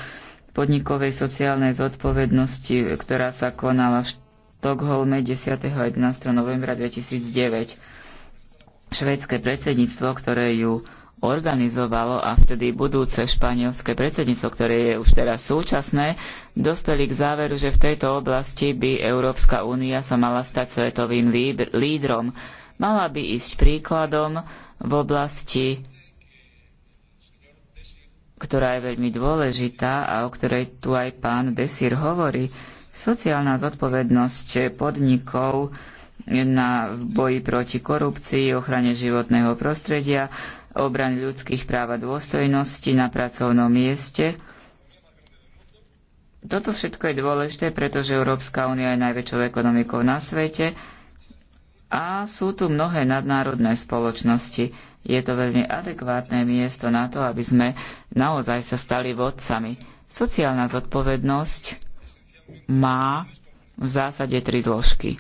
podnikovej sociálnej zodpovednosti, ktorá sa konala v Štokholme 10. a 11. novembra 2009. Švédske predsedníctvo, ktoré ju organizovalo a vtedy budúce španielske predsedníctvo, ktoré je už teraz súčasné, dospeli k záveru, že v tejto oblasti by Európska únia sa mala stať svetovým lídrom mala by ísť príkladom v oblasti, ktorá je veľmi dôležitá a o ktorej tu aj pán Besír hovorí. Sociálna zodpovednosť podnikov na v boji proti korupcii, ochrane životného prostredia, obrany ľudských práv a dôstojnosti na pracovnom mieste – toto všetko je dôležité, pretože Európska únia je najväčšou ekonomikou na svete a sú tu mnohé nadnárodné spoločnosti. Je to veľmi adekvátne miesto na to, aby sme naozaj sa stali vodcami. Sociálna zodpovednosť má v zásade tri zložky.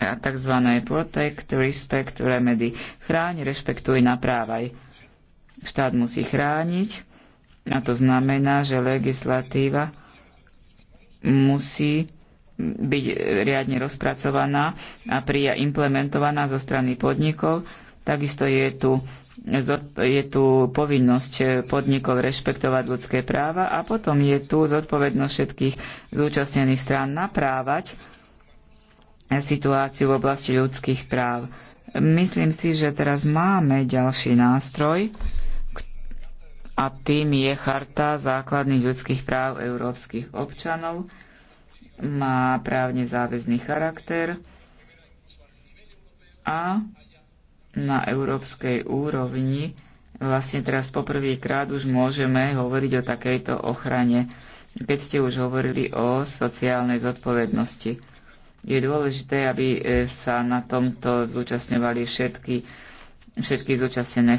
A tzv. protect, respect, remedy. Chráň, rešpektuj, naprávaj. Štát musí chrániť a to znamená, že legislatíva musí byť riadne rozpracovaná a prija implementovaná zo strany podnikov. Takisto je tu, je tu povinnosť podnikov rešpektovať ľudské práva a potom je tu zodpovednosť všetkých zúčastnených strán naprávať situáciu v oblasti ľudských práv. Myslím si, že teraz máme ďalší nástroj, a tým je Charta základných ľudských práv európskych občanov. Má právne záväzný charakter a na európskej úrovni vlastne teraz poprvýkrát už môžeme hovoriť o takejto ochrane, keď ste už hovorili o sociálnej zodpovednosti. Je dôležité, aby e, sa na tomto zúčastňovali všetky, všetky zúčastnené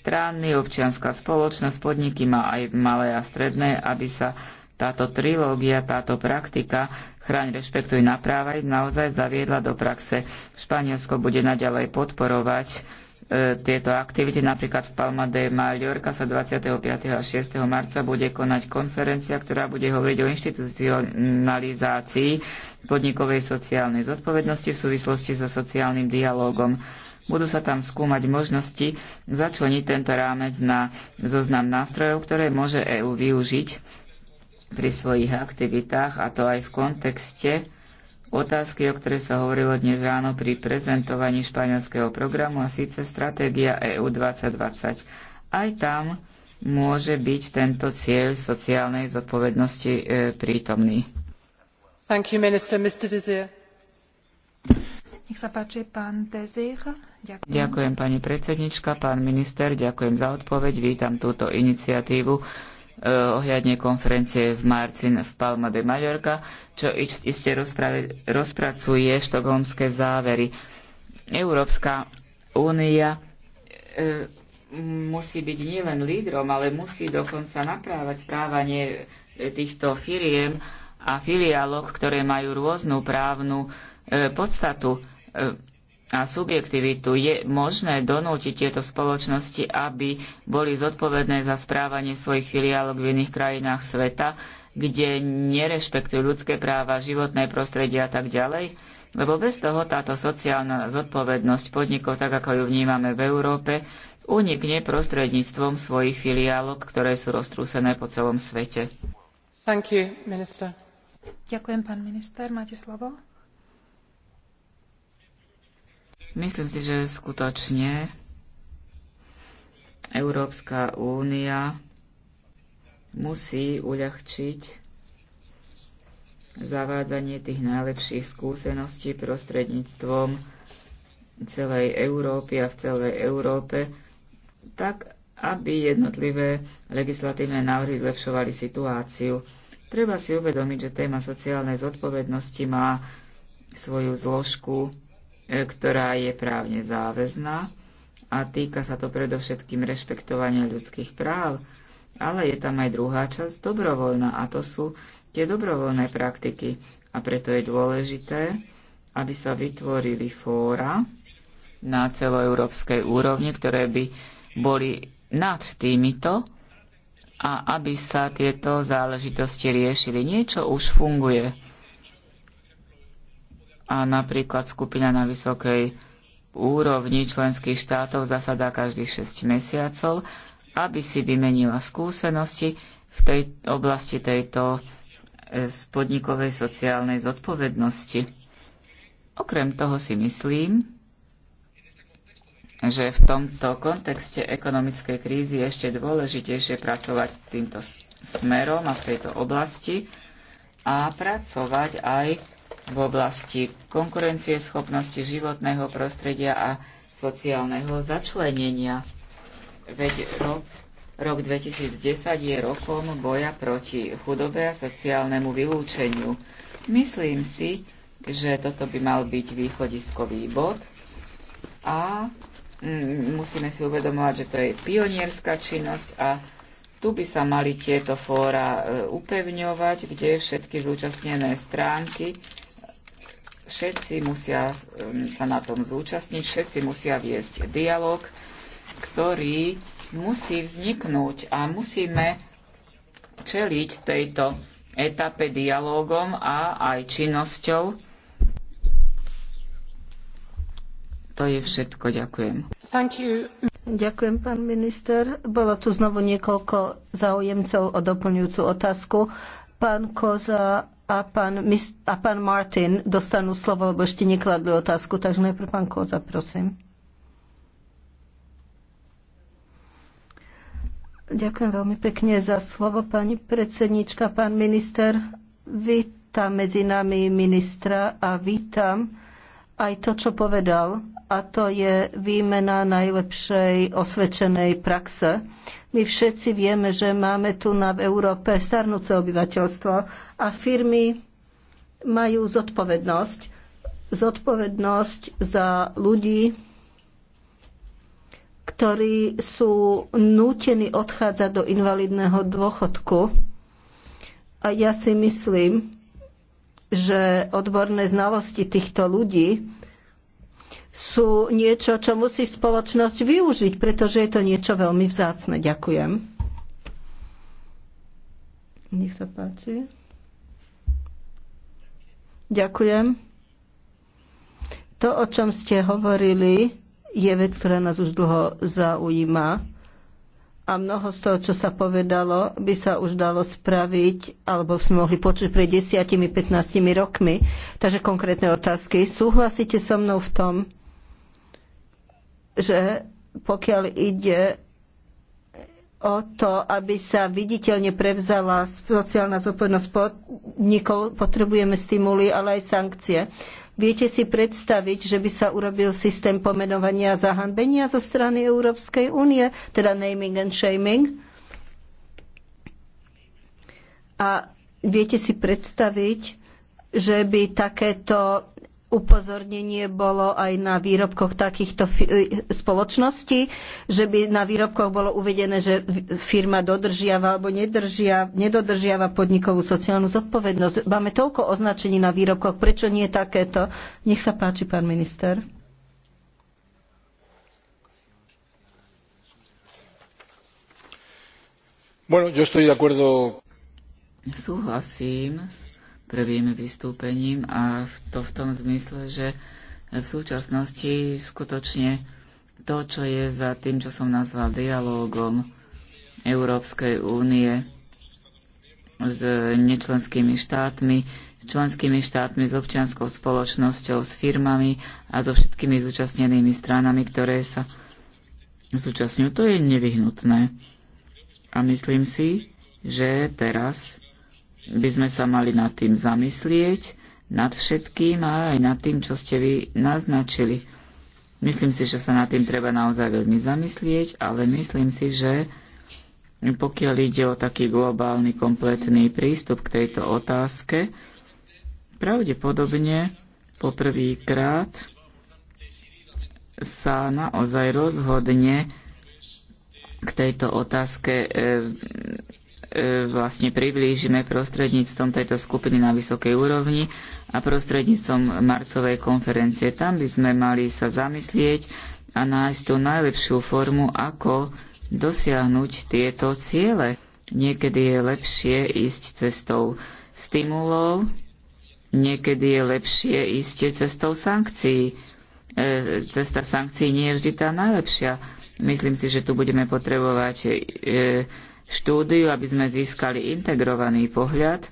strany, občianská spoločnosť, podniky má aj malé a stredné, aby sa táto trilógia, táto praktika chráň, rešpektuj, naprávaj naozaj zaviedla do praxe. Španielsko bude naďalej podporovať e, tieto aktivity. Napríklad v Palma de Mallorca sa 25. a 6. marca bude konať konferencia, ktorá bude hovoriť o institucionalizácii podnikovej sociálnej zodpovednosti v súvislosti so sociálnym dialogom. Budú sa tam skúmať možnosti začleniť tento rámec na zoznam nástrojov, ktoré môže EÚ využiť pri svojich aktivitách, a to aj v kontexte otázky, o ktorej sa hovorilo dnes ráno pri prezentovaní španielského programu, a síce stratégia EÚ 2020. Aj tam môže byť tento cieľ sociálnej zodpovednosti e, prítomný. Thank you, minister, Mr. Desir. Nech sa páči, pán Dezir. Ďakujem. ďakujem, pani predsednička, pán minister, ďakujem za odpoveď. Vítam túto iniciatívu eh, ohľadne konferencie v Marcin v Palma de Mallorca, čo iste rozpracuje štokholmské závery. Európska únia e, musí byť nielen lídrom, ale musí dokonca naprávať správanie eh, týchto firiem a filiálok, ktoré majú rôznu právnu e, podstatu. E, a subjektivitu. Je možné donútiť tieto spoločnosti, aby boli zodpovedné za správanie svojich filiálok v iných krajinách sveta, kde nerešpektujú ľudské práva, životné prostredie a tak ďalej? Lebo bez toho táto sociálna zodpovednosť podnikov, tak ako ju vnímame v Európe, unikne prostredníctvom svojich filiálok, ktoré sú roztrúsené po celom svete. Thank you, minister. Ďakujem, pán minister. Máte slovo. Myslím si, že skutočne Európska únia musí uľahčiť zavádzanie tých najlepších skúseností prostredníctvom celej Európy a v celej Európe, tak aby jednotlivé legislatívne návrhy zlepšovali situáciu. Treba si uvedomiť, že téma sociálnej zodpovednosti má svoju zložku E, ktorá je právne záväzná a týka sa to predovšetkým rešpektovania ľudských práv, ale je tam aj druhá časť dobrovoľná a to sú tie dobrovoľné praktiky a preto je dôležité, aby sa vytvorili fóra na celoeurópskej úrovni, ktoré by boli nad týmito a aby sa tieto záležitosti riešili. Niečo už funguje a napríklad skupina na vysokej úrovni členských štátov zasadá každých 6 mesiacov, aby si vymenila skúsenosti v tej oblasti tejto spodnikovej e, sociálnej zodpovednosti. Okrem toho si myslím, že v tomto kontexte ekonomickej krízy je ešte dôležitejšie pracovať týmto smerom a v tejto oblasti a pracovať aj v oblasti konkurencie schopnosti životného prostredia a sociálneho začlenenia. Veď rok, rok 2010 je rokom boja proti chudobe a sociálnemu vylúčeniu. Myslím si, že toto by mal byť východiskový bod a mm, musíme si uvedomovať, že to je pionierská činnosť a tu by sa mali tieto fóra e, upevňovať, kde všetky zúčastnené stránky Všetci musia um, sa na tom zúčastniť, všetci musia viesť dialog, ktorý musí vzniknúť a musíme čeliť tejto etape dialogom a aj činnosťou. To je všetko. Ďakujem. Thank you. Ďakujem, pán minister. Bolo tu znovu niekoľko záujemcov o doplňujúcu otázku. Pán Koza a pán, a pán Martin dostanú slovo, lebo ešte nekladli otázku. Takže najprv pán Koza, prosím. Ďakujem veľmi pekne za slovo, pani predsednička, pán minister. Vítam medzi nami ministra a vítam aj to, čo povedal a to je výmena najlepšej osvedčenej praxe. My všetci vieme, že máme tu na v Európe starnúce obyvateľstvo a firmy majú zodpovednosť. Zodpovednosť za ľudí, ktorí sú nútení odchádzať do invalidného dôchodku. A ja si myslím, že odborné znalosti týchto ľudí sú niečo, čo musí spoločnosť využiť, pretože je to niečo veľmi vzácne. Ďakujem. Nech sa páči. Ďakujem. To, o čom ste hovorili, je vec, ktorá nás už dlho zaujíma a mnoho z toho, čo sa povedalo, by sa už dalo spraviť, alebo sme mohli počuť pred 10-15 rokmi. Takže konkrétne otázky. Súhlasíte so mnou v tom, že pokiaľ ide o to, aby sa viditeľne prevzala sociálna zodpovednosť podnikov, potrebujeme stimuly, ale aj sankcie. Viete si predstaviť, že by sa urobil systém pomenovania a zahanbenia zo strany Európskej únie, teda naming and shaming? A viete si predstaviť, že by takéto upozornenie bolo aj na výrobkoch takýchto e, spoločností, že by na výrobkoch bolo uvedené, že firma dodržiava alebo nedržia, nedodržiava podnikovú sociálnu zodpovednosť. Máme toľko označení na výrobkoch, prečo nie takéto? Nech sa páči, pán minister. Bueno, yo estoy de acuerdo. Súhlasím s prvým vystúpením a to v tom zmysle, že v súčasnosti skutočne to, čo je za tým, čo som nazval dialógom Európskej únie s nečlenskými štátmi, s členskými štátmi, s občianskou spoločnosťou, s firmami a so všetkými zúčastnenými stranami, ktoré sa zúčastňujú. To je nevyhnutné. A myslím si, že teraz by sme sa mali nad tým zamyslieť, nad všetkým a aj nad tým, čo ste vy naznačili. Myslím si, že sa nad tým treba naozaj veľmi zamyslieť, ale myslím si, že pokiaľ ide o taký globálny, kompletný prístup k tejto otázke, pravdepodobne poprvýkrát sa naozaj rozhodne k tejto otázke e, E, vlastne priblížime prostredníctvom tejto skupiny na vysokej úrovni a prostredníctvom marcovej konferencie. Tam by sme mali sa zamyslieť a nájsť tú najlepšiu formu, ako dosiahnuť tieto ciele. Niekedy je lepšie ísť cestou stimulov, niekedy je lepšie ísť cestou sankcií. E, cesta sankcií nie je vždy tá najlepšia. Myslím si, že tu budeme potrebovať e, štúdiu, aby sme získali integrovaný pohľad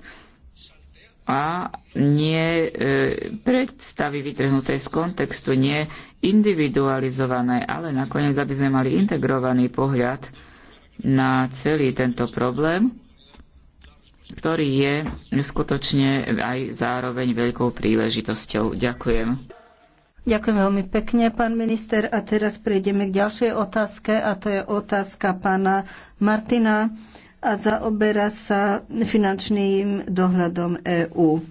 a nie e, predstavy vytrhnuté z kontextu, nie individualizované, ale nakoniec, aby sme mali integrovaný pohľad na celý tento problém, ktorý je skutočne aj zároveň veľkou príležitosťou. Ďakujem. Ďakujem veľmi pekne, pán minister. A teraz prejdeme k ďalšej otázke, a to je otázka pána Martina a zaoberá sa finančným dohľadom EÚ.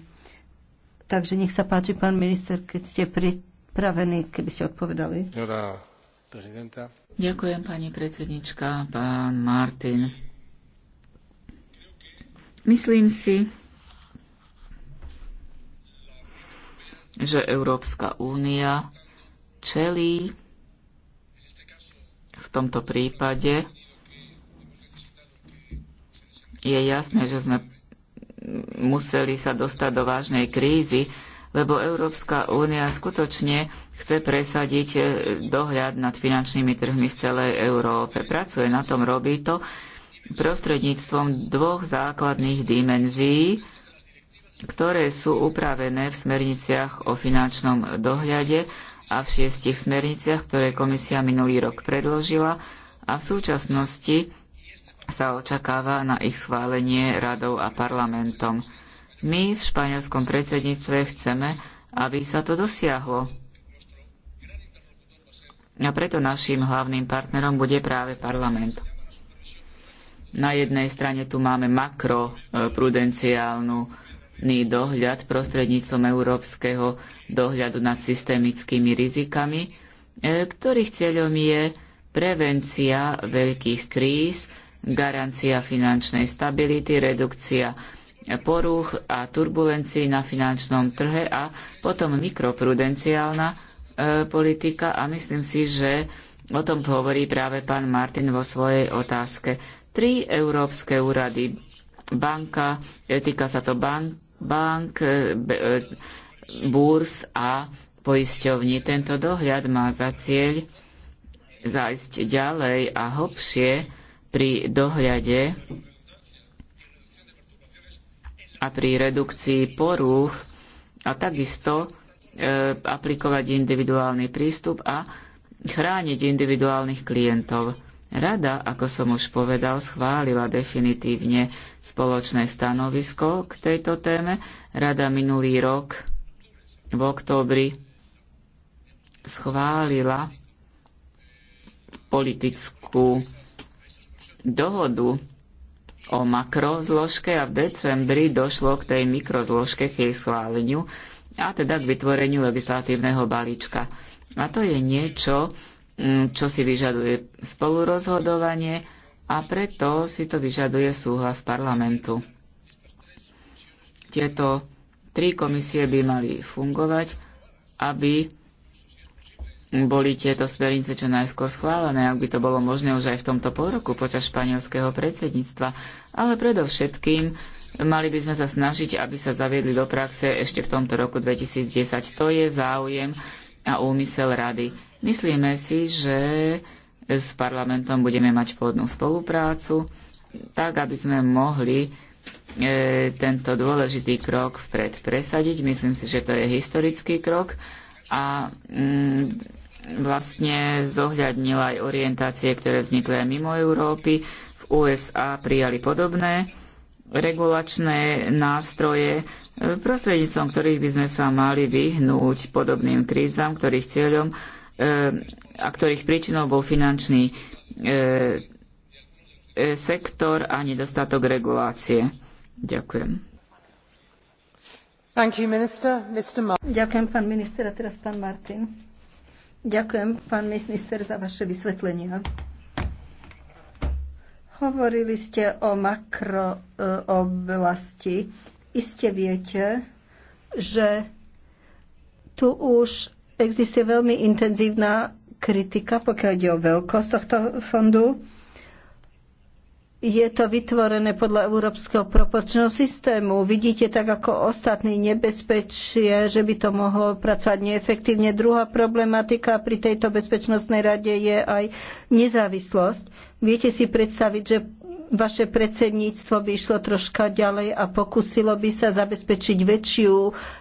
Takže nech sa páči, pán minister, keď ste pripravení, keby ste odpovedali. Ďakujem, pani predsednička, pán Martin. Myslím si, že Európska únia čelí v tomto prípade. Je jasné, že sme museli sa dostať do vážnej krízy, lebo Európska únia skutočne chce presadiť eh, dohľad nad finančnými trhmi v celej Európe. Pracuje na tom, robí to prostredníctvom dvoch základných dimenzií ktoré sú upravené v smerniciach o finančnom dohľade a v šiestich smerniciach, ktoré komisia minulý rok predložila a v súčasnosti sa očakáva na ich schválenie radou a parlamentom. My v španielskom predsedníctve chceme, aby sa to dosiahlo. A preto našim hlavným partnerom bude práve parlament. Na jednej strane tu máme makroprudenciálnu dohľad prostredníctvom európskeho dohľadu nad systemickými rizikami, e, ktorých cieľom je prevencia veľkých kríz, garancia finančnej stability, redukcia porúch a turbulencií na finančnom trhe a potom mikroprudenciálna e, politika a myslím si, že o tom hovorí práve pán Martin vo svojej otázke. Tri európske úrady, banka, e, týka sa to bank, bank, e, e, burs a poisťovní. Tento dohľad má za cieľ zájsť ďalej a hlbšie pri dohľade a pri redukcii porúch a takisto e, aplikovať individuálny prístup a chrániť individuálnych klientov. Rada, ako som už povedal, schválila definitívne spoločné stanovisko k tejto téme. Rada minulý rok v októbri schválila politickú dohodu o makrozložke a v decembri došlo k tej mikrozložke, k jej schváleniu a teda k vytvoreniu legislatívneho balíčka. A to je niečo, mm, čo si vyžaduje spolurozhodovanie, a preto si to vyžaduje súhlas parlamentu. Tieto tri komisie by mali fungovať, aby boli tieto smernice čo najskôr schválené, ak by to bolo možné už aj v tomto polroku počas španielského predsedníctva. Ale predovšetkým mali by sme sa snažiť, aby sa zaviedli do praxe ešte v tomto roku 2010. To je záujem a úmysel rady. Myslíme si, že s parlamentom budeme mať plodnú spoluprácu, tak aby sme mohli e, tento dôležitý krok vpred presadiť. Myslím si, že to je historický krok a mm, vlastne zohľadnila aj orientácie, ktoré vznikli aj mimo Európy. V USA prijali podobné regulačné nástroje, e, prostredníctvom ktorých by sme sa mali vyhnúť podobným krízam, ktorých cieľom Eh, a ktorých príčinou bol finančný eh, eh, sektor a nedostatok regulácie. Ďakujem. You, minister. Mister Ďakujem, pán minister. A teraz pán Martin. Ďakujem, pán minister, za vaše vysvetlenia. Hovorili ste o makrooblasti. Iste viete, že tu už Existuje veľmi intenzívna kritika, pokiaľ ide o veľkosť tohto fondu. Je to vytvorené podľa európskeho proporčného systému. Vidíte tak ako ostatní nebezpečie, že by to mohlo pracovať neefektívne. Druhá problematika pri tejto bezpečnostnej rade je aj nezávislosť. Viete si predstaviť, že vaše predsedníctvo by išlo troška ďalej a pokusilo by sa zabezpečiť väčšiu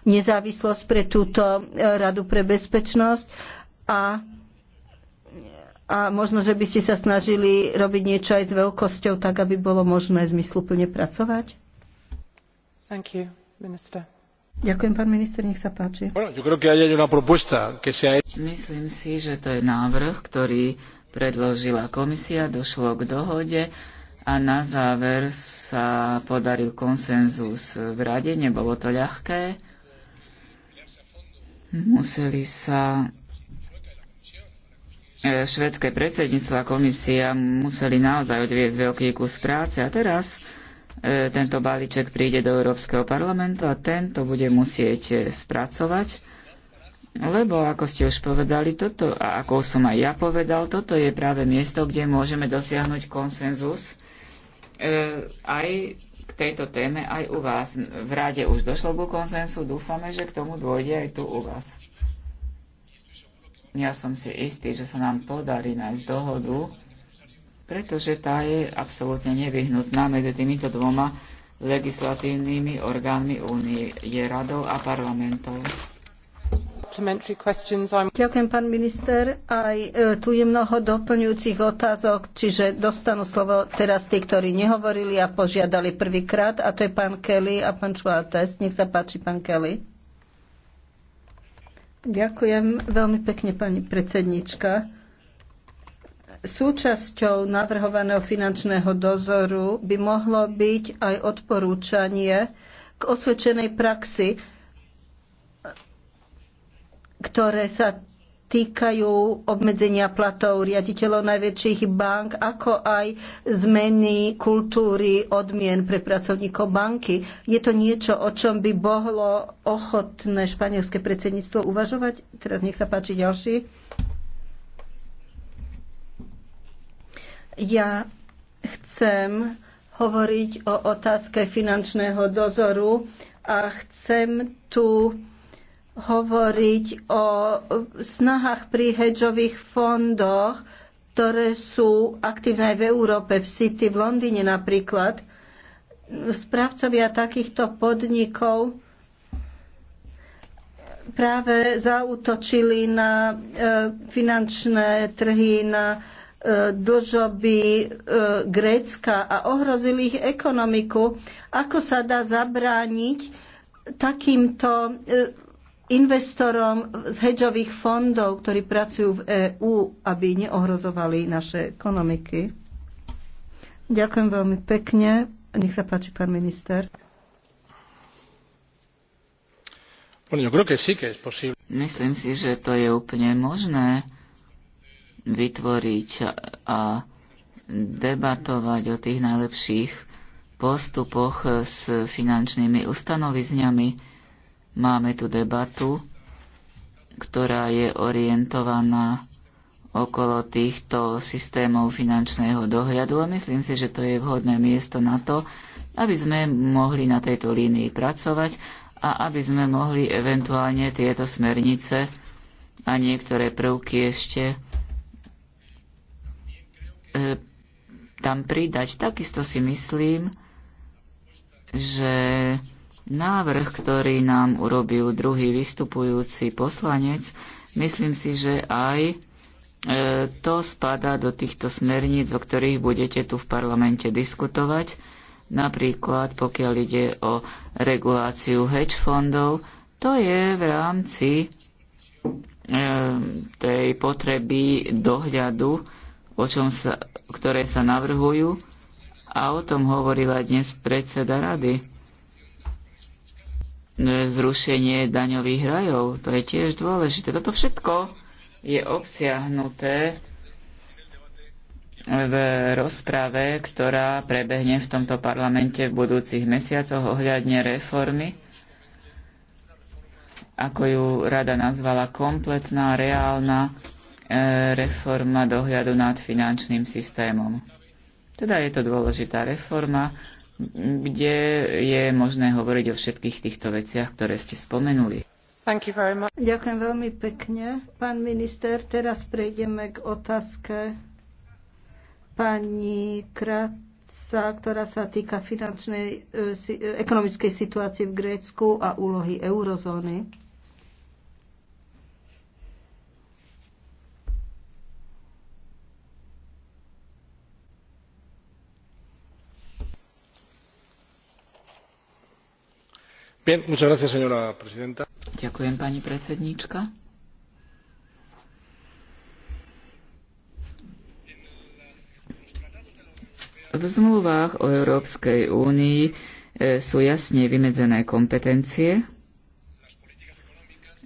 nezávislosť pre túto e, Radu pre bezpečnosť a, a možno, že by ste sa snažili robiť niečo aj s veľkosťou, tak aby bolo možné zmysluplne pracovať? Thank you, minister. Ďakujem, pán minister, nech sa páči. Myslím si, že to je návrh, ktorý predložila komisia, došlo k dohode a na záver sa podaril konsenzus v rade. Nebolo to ľahké. Museli sa e, švedské predsedníctvo a komisia museli naozaj odviesť veľký kus práce a teraz e, tento balíček príde do Európskeho parlamentu a tento bude musieť e, spracovať, lebo ako ste už povedali toto a ako som aj ja povedal, toto je práve miesto, kde môžeme dosiahnuť konsenzus E, aj k tejto téme aj u vás. V rade už došlo ku konsensu, dúfame, že k tomu dôjde aj tu u vás. Ja som si istý, že sa nám podarí nájsť dohodu, pretože tá je absolútne nevyhnutná medzi týmito dvoma legislatívnymi orgánmi únie, je radou a parlamentov. Ďakujem, pán minister. Aj e, tu je mnoho doplňujúcich otázok, čiže dostanú slovo teraz tí, ktorí nehovorili a požiadali prvýkrát, a to je pán Kelly a pán Šuates. Nech sa páči, pán Kelly. Ďakujem veľmi pekne, pani predsednička. Súčasťou navrhovaného finančného dozoru by mohlo byť aj odporúčanie k osvedčenej praxi ktoré sa týkajú obmedzenia platov riaditeľov najväčších bank, ako aj zmeny kultúry odmien pre pracovníkov banky. Je to niečo, o čom by bohlo ochotné španielské predsedníctvo uvažovať? Teraz nech sa páči ďalší. Ja chcem hovoriť o otázke finančného dozoru a chcem tu hovoriť o snahách pri hedžových fondoch, ktoré sú aktívne aj v Európe, v City, v Londýne napríklad. Správcovia takýchto podnikov práve zautočili na e, finančné trhy, na e, dlžoby e, Grécka a ohrozili ich ekonomiku. Ako sa dá zabrániť takýmto investorom z hedžových fondov, ktorí pracujú v EÚ, aby neohrozovali naše ekonomiky. Ďakujem veľmi pekne. Nech sa páči, pán minister. Myslím si, že to je úplne možné vytvoriť a debatovať o tých najlepších postupoch s finančnými ustanovizňami Máme tu debatu, ktorá je orientovaná okolo týchto systémov finančného dohľadu a myslím si, že to je vhodné miesto na to, aby sme mohli na tejto línii pracovať a aby sme mohli eventuálne tieto smernice a niektoré prvky ešte e, tam pridať. Takisto si myslím, že Návrh, ktorý nám urobil druhý vystupujúci poslanec, myslím si, že aj e, to spadá do týchto smerníc, o ktorých budete tu v parlamente diskutovať, napríklad pokiaľ ide o reguláciu hedge fondov, to je v rámci e, tej potreby dohľadu, o čom sa, ktoré sa navrhujú a o tom hovorila dnes predseda rady zrušenie daňových rajov. To je tiež dôležité. Toto všetko je obsiahnuté v rozprave, ktorá prebehne v tomto parlamente v budúcich mesiacoch ohľadne reformy, ako ju rada nazvala kompletná, reálna e, reforma dohľadu nad finančným systémom. Teda je to dôležitá reforma, kde je možné hovoriť o všetkých týchto veciach, ktoré ste spomenuli. Ďakujem veľmi pekne. Pán minister, teraz prejdeme k otázke pani Kratca, ktorá sa týka finančnej, eh, eh, ekonomickej situácie v Grécku a úlohy eurozóny. Ďakujem, pani V zmluvách o Európskej únii e, sú jasne vymedzené kompetencie,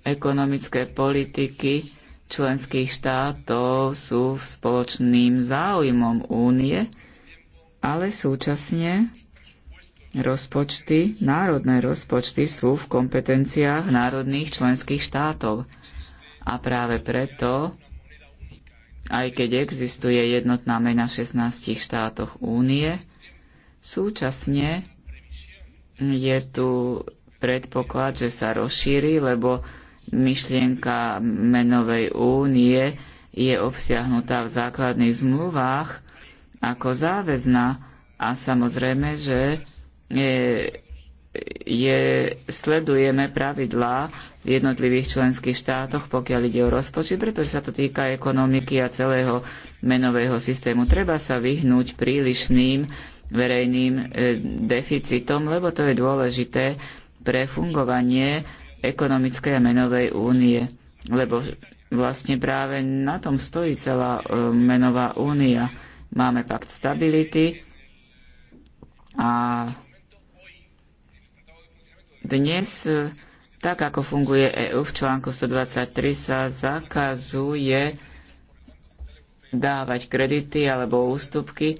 ekonomické politiky členských štátov sú spoločným záujmom únie, ale súčasne Rozpočty, národné rozpočty sú v kompetenciách národných členských štátov. A práve preto, aj keď existuje jednotná mena v 16 štátoch únie, súčasne je tu predpoklad, že sa rozšíri, lebo myšlienka menovej únie je obsiahnutá v základných zmluvách ako záväzná a samozrejme, že E, je, sledujeme pravidlá v jednotlivých členských štátoch, pokiaľ ide o rozpočet, pretože sa to týka ekonomiky a celého menového systému. Treba sa vyhnúť prílišným verejným e, deficitom, lebo to je dôležité pre fungovanie ekonomickej a menovej únie, lebo vlastne práve na tom stojí celá e, menová únia. Máme pakt stability a dnes, e, tak ako funguje EU v článku 123, sa zakazuje dávať kredity alebo ústupky e,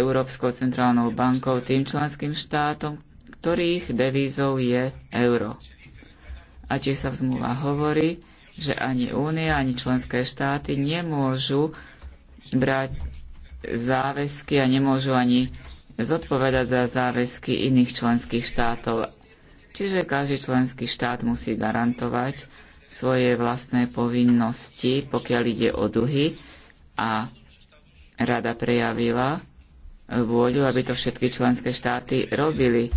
Európskou centrálnou bankou tým členským štátom, ktorých devízou je euro. A tiež sa v zmluvách hovorí, že ani únia, ani členské štáty nemôžu brať záväzky a nemôžu ani zodpovedať za záväzky iných členských štátov. Čiže každý členský štát musí garantovať svoje vlastné povinnosti, pokiaľ ide o dlhy a rada prejavila vôľu, aby to všetky členské štáty robili.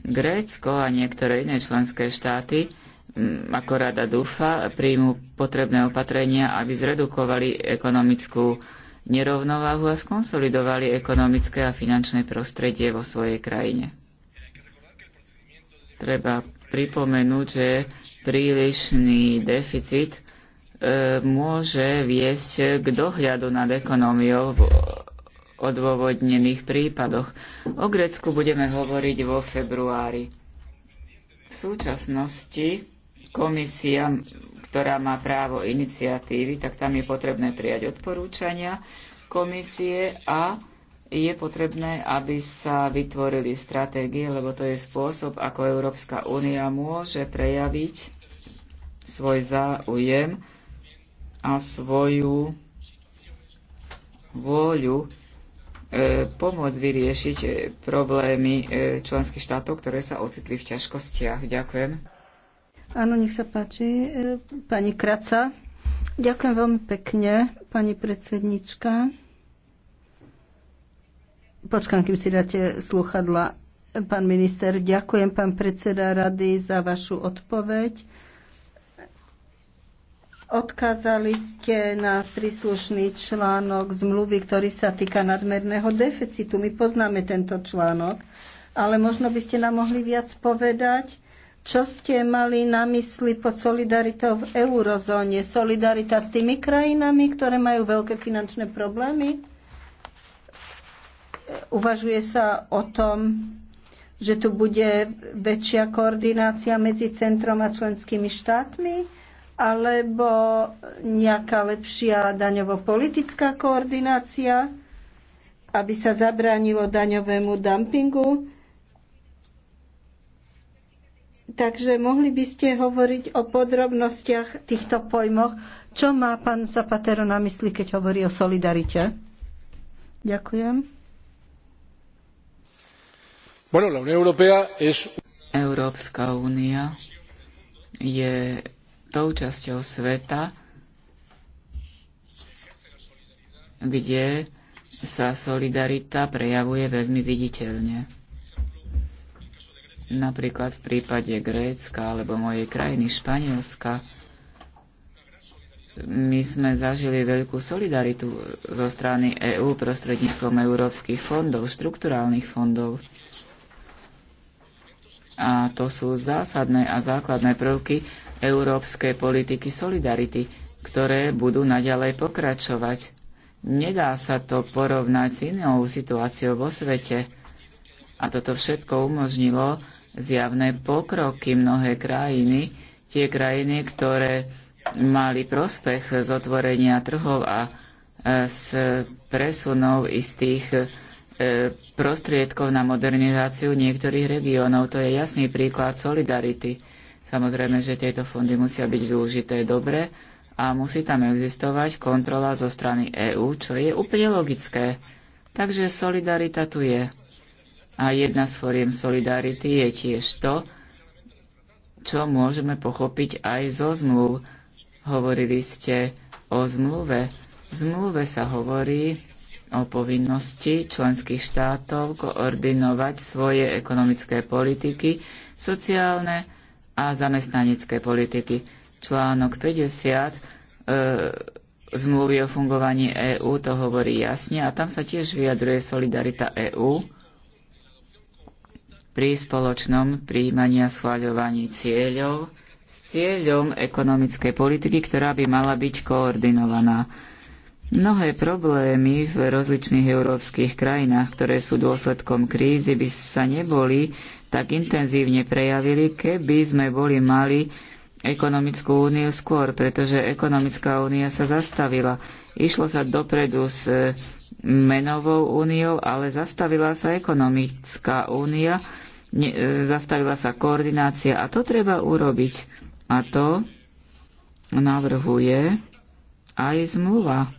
Grécko a niektoré iné členské štáty, mm, ako rada dúfa, príjmu potrebné opatrenia, aby zredukovali ekonomickú nerovnováhu a skonsolidovali ekonomické a finančné prostredie vo svojej krajine. Treba pripomenúť, že prílišný deficit e, môže viesť k dohľadu nad ekonómiou v odôvodnených prípadoch. O Grécku budeme hovoriť vo februári. V súčasnosti komisia, ktorá má právo iniciatívy, tak tam je potrebné prijať odporúčania komisie a je potrebné, aby sa vytvorili stratégie, lebo to je spôsob, ako Európska únia môže prejaviť svoj záujem a svoju vôľu e, pomôcť vyriešiť e, problémy e, členských štátov, ktoré sa ocitli v ťažkostiach. Ďakujem. Áno, nech sa páči. E, pani Kraca. Ďakujem veľmi pekne, pani predsednička. Počkám, kým si dáte sluchadla. Pán minister, ďakujem pán predseda rady za vašu odpoveď. Odkázali ste na príslušný článok zmluvy, ktorý sa týka nadmerného deficitu. My poznáme tento článok, ale možno by ste nám mohli viac povedať, čo ste mali na mysli pod solidaritou v eurozóne? Solidarita s tými krajinami, ktoré majú veľké finančné problémy? uvažuje sa o tom, že tu bude väčšia koordinácia medzi centrom a členskými štátmi, alebo nejaká lepšia daňovo-politická koordinácia, aby sa zabránilo daňovému dumpingu. Takže mohli by ste hovoriť o podrobnostiach týchto pojmoch. Čo má pán Zapatero na mysli, keď hovorí o solidarite? Ďakujem. Európska únia je tou časťou sveta, kde sa solidarita prejavuje veľmi viditeľne. Napríklad v prípade Grécka alebo mojej krajiny Španielska my sme zažili veľkú solidaritu zo strany EÚ prostredníctvom európskych fondov, štrukturálnych fondov. A to sú zásadné a základné prvky európskej politiky solidarity, ktoré budú naďalej pokračovať. Nedá sa to porovnať s inou situáciou vo svete. A toto všetko umožnilo zjavné pokroky mnohé krajiny, tie krajiny, ktoré mali prospech z otvorenia trhov a z e, presunov istých E, prostriedkov na modernizáciu niektorých regiónov. To je jasný príklad solidarity. Samozrejme, že tieto fondy musia byť využité dobre a musí tam existovať kontrola zo strany EÚ, čo je úplne logické. Takže solidarita tu je. A jedna z foriem solidarity je tiež to, čo môžeme pochopiť aj zo zmluv. Hovorili ste o zmluve. V zmluve sa hovorí, o povinnosti členských štátov koordinovať svoje ekonomické politiky, sociálne a zamestnanecké politiky. Článok 50 e, zmluvy o fungovaní EÚ to hovorí jasne a tam sa tiež vyjadruje solidarita EÚ pri spoločnom príjmaní a schváľovaní cieľov s cieľom ekonomickej politiky, ktorá by mala byť koordinovaná. Mnohé problémy v rozličných európskych krajinách, ktoré sú dôsledkom krízy, by sa neboli tak intenzívne prejavili, keby sme boli mali ekonomickú úniu skôr, pretože ekonomická únia sa zastavila. Išlo sa dopredu s e, menovou úniou, ale zastavila sa ekonomická únia, e, zastavila sa koordinácia a to treba urobiť. A to navrhuje aj zmluva.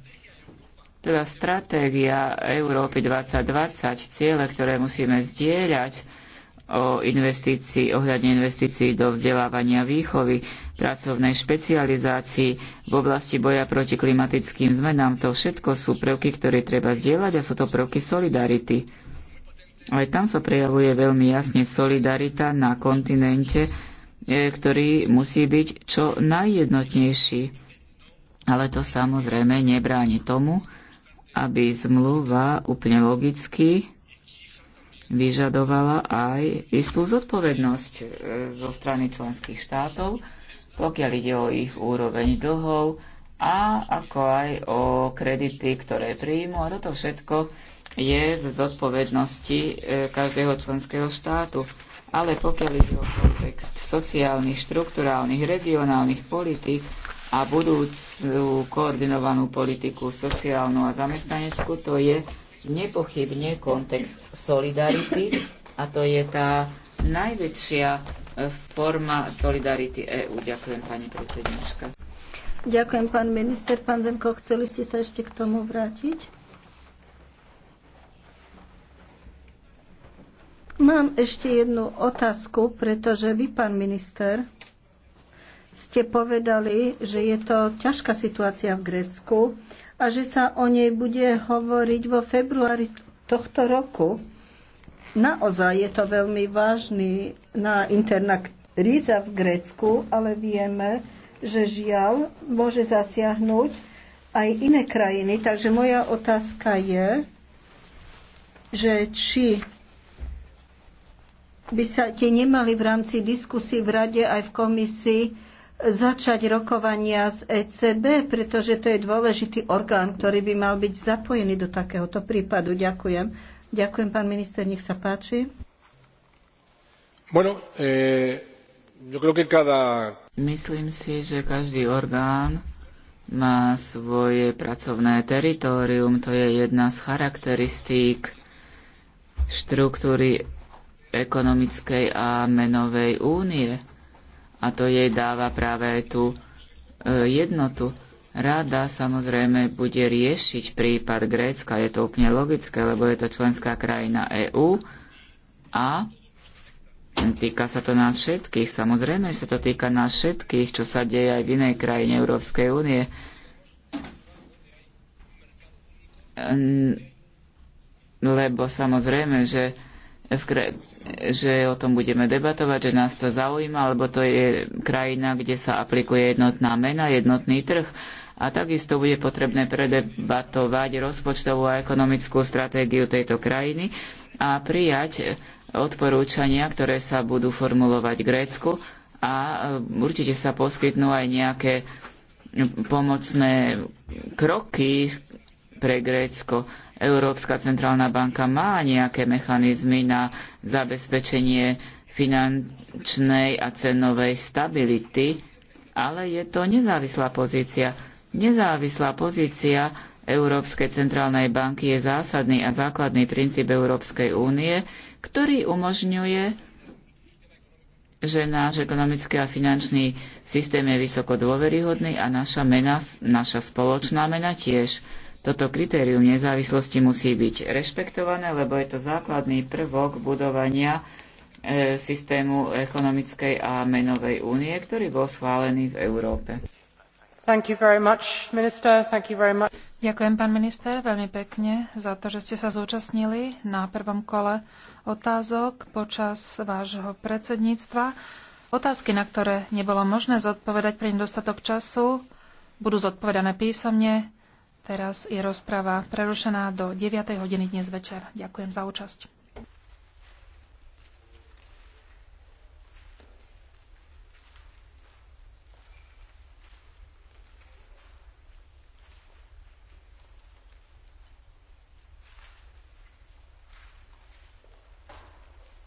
Teda stratégia Európy 2020, ciele, ktoré musíme zdieľať o investícii, ohľadne investícií do vzdelávania výchovy, pracovnej špecializácii v oblasti boja proti klimatickým zmenám, to všetko sú prvky, ktoré treba zdieľať a sú to prvky solidarity. Aj tam sa prejavuje veľmi jasne solidarita na kontinente, e, ktorý musí byť čo najjednotnejší. Ale to samozrejme nebráni tomu, aby zmluva úplne logicky vyžadovala aj istú zodpovednosť e, zo strany členských štátov, pokiaľ ide o ich úroveň dlhov a ako aj o kredity, ktoré príjmu. A toto všetko je v zodpovednosti e, každého členského štátu. Ale pokiaľ ide o kontext sociálnych, štruktúrálnych, regionálnych politík, a budúcu koordinovanú politiku sociálnu a zamestnaneckú, to je nepochybne kontext solidarity a to je tá najväčšia e, forma solidarity EÚ. Ďakujem, pani predsednička. Ďakujem, pán minister. Pán Zemko, chceli ste sa ešte k tomu vrátiť? Mám ešte jednu otázku, pretože vy, pán minister, ste povedali, že je to ťažká situácia v Grécku a že sa o nej bude hovoriť vo februári tohto roku. Naozaj je to veľmi vážny na internak ríza v Grécku, ale vieme, že žiaľ môže zasiahnuť aj iné krajiny. Takže moja otázka je, že či by sa tie nemali v rámci diskusí v Rade aj v komisii začať rokovania z ECB, pretože to je dôležitý orgán, ktorý by mal byť zapojený do takéhoto prípadu. Ďakujem. Ďakujem, pán minister, nech sa páči. Bueno, eh, yo creo que cada... Myslím si, že každý orgán má svoje pracovné teritorium. To je jedna z charakteristík štruktúry ekonomickej a menovej únie a to jej dáva práve tú e, jednotu. Rada samozrejme bude riešiť prípad Grécka, je to úplne logické, lebo je to členská krajina EÚ a týka sa to nás všetkých. Samozrejme, sa to týka nás všetkých, čo sa deje aj v inej krajine Európskej únie. Lebo samozrejme, že že o tom budeme debatovať, že nás to zaujíma, lebo to je krajina, kde sa aplikuje jednotná mena, jednotný trh a takisto bude potrebné predebatovať rozpočtovú a ekonomickú stratégiu tejto krajiny a prijať odporúčania, ktoré sa budú formulovať Grécku a e, určite sa poskytnú aj nejaké pomocné kroky pre Grécko. Európska centrálna banka má nejaké mechanizmy na zabezpečenie finančnej a cenovej stability, ale je to nezávislá pozícia. Nezávislá pozícia Európskej centrálnej banky je zásadný a základný princíp Európskej únie, ktorý umožňuje, že náš ekonomický a finančný systém je vysoko dôveryhodný a naša mena, naša spoločná mena tiež. Toto kritérium nezávislosti musí byť rešpektované, lebo je to základný prvok budovania e, systému ekonomickej a menovej únie, ktorý bol schválený v Európe. Much, Ďakujem, pán minister, veľmi pekne za to, že ste sa zúčastnili na prvom kole otázok počas vášho predsedníctva. Otázky, na ktoré nebolo možné zodpovedať pre nedostatok času, budú zodpovedané písomne Teraz je rozprava prerušená do 9. hodiny dnes večer. Ďakujem za účasť.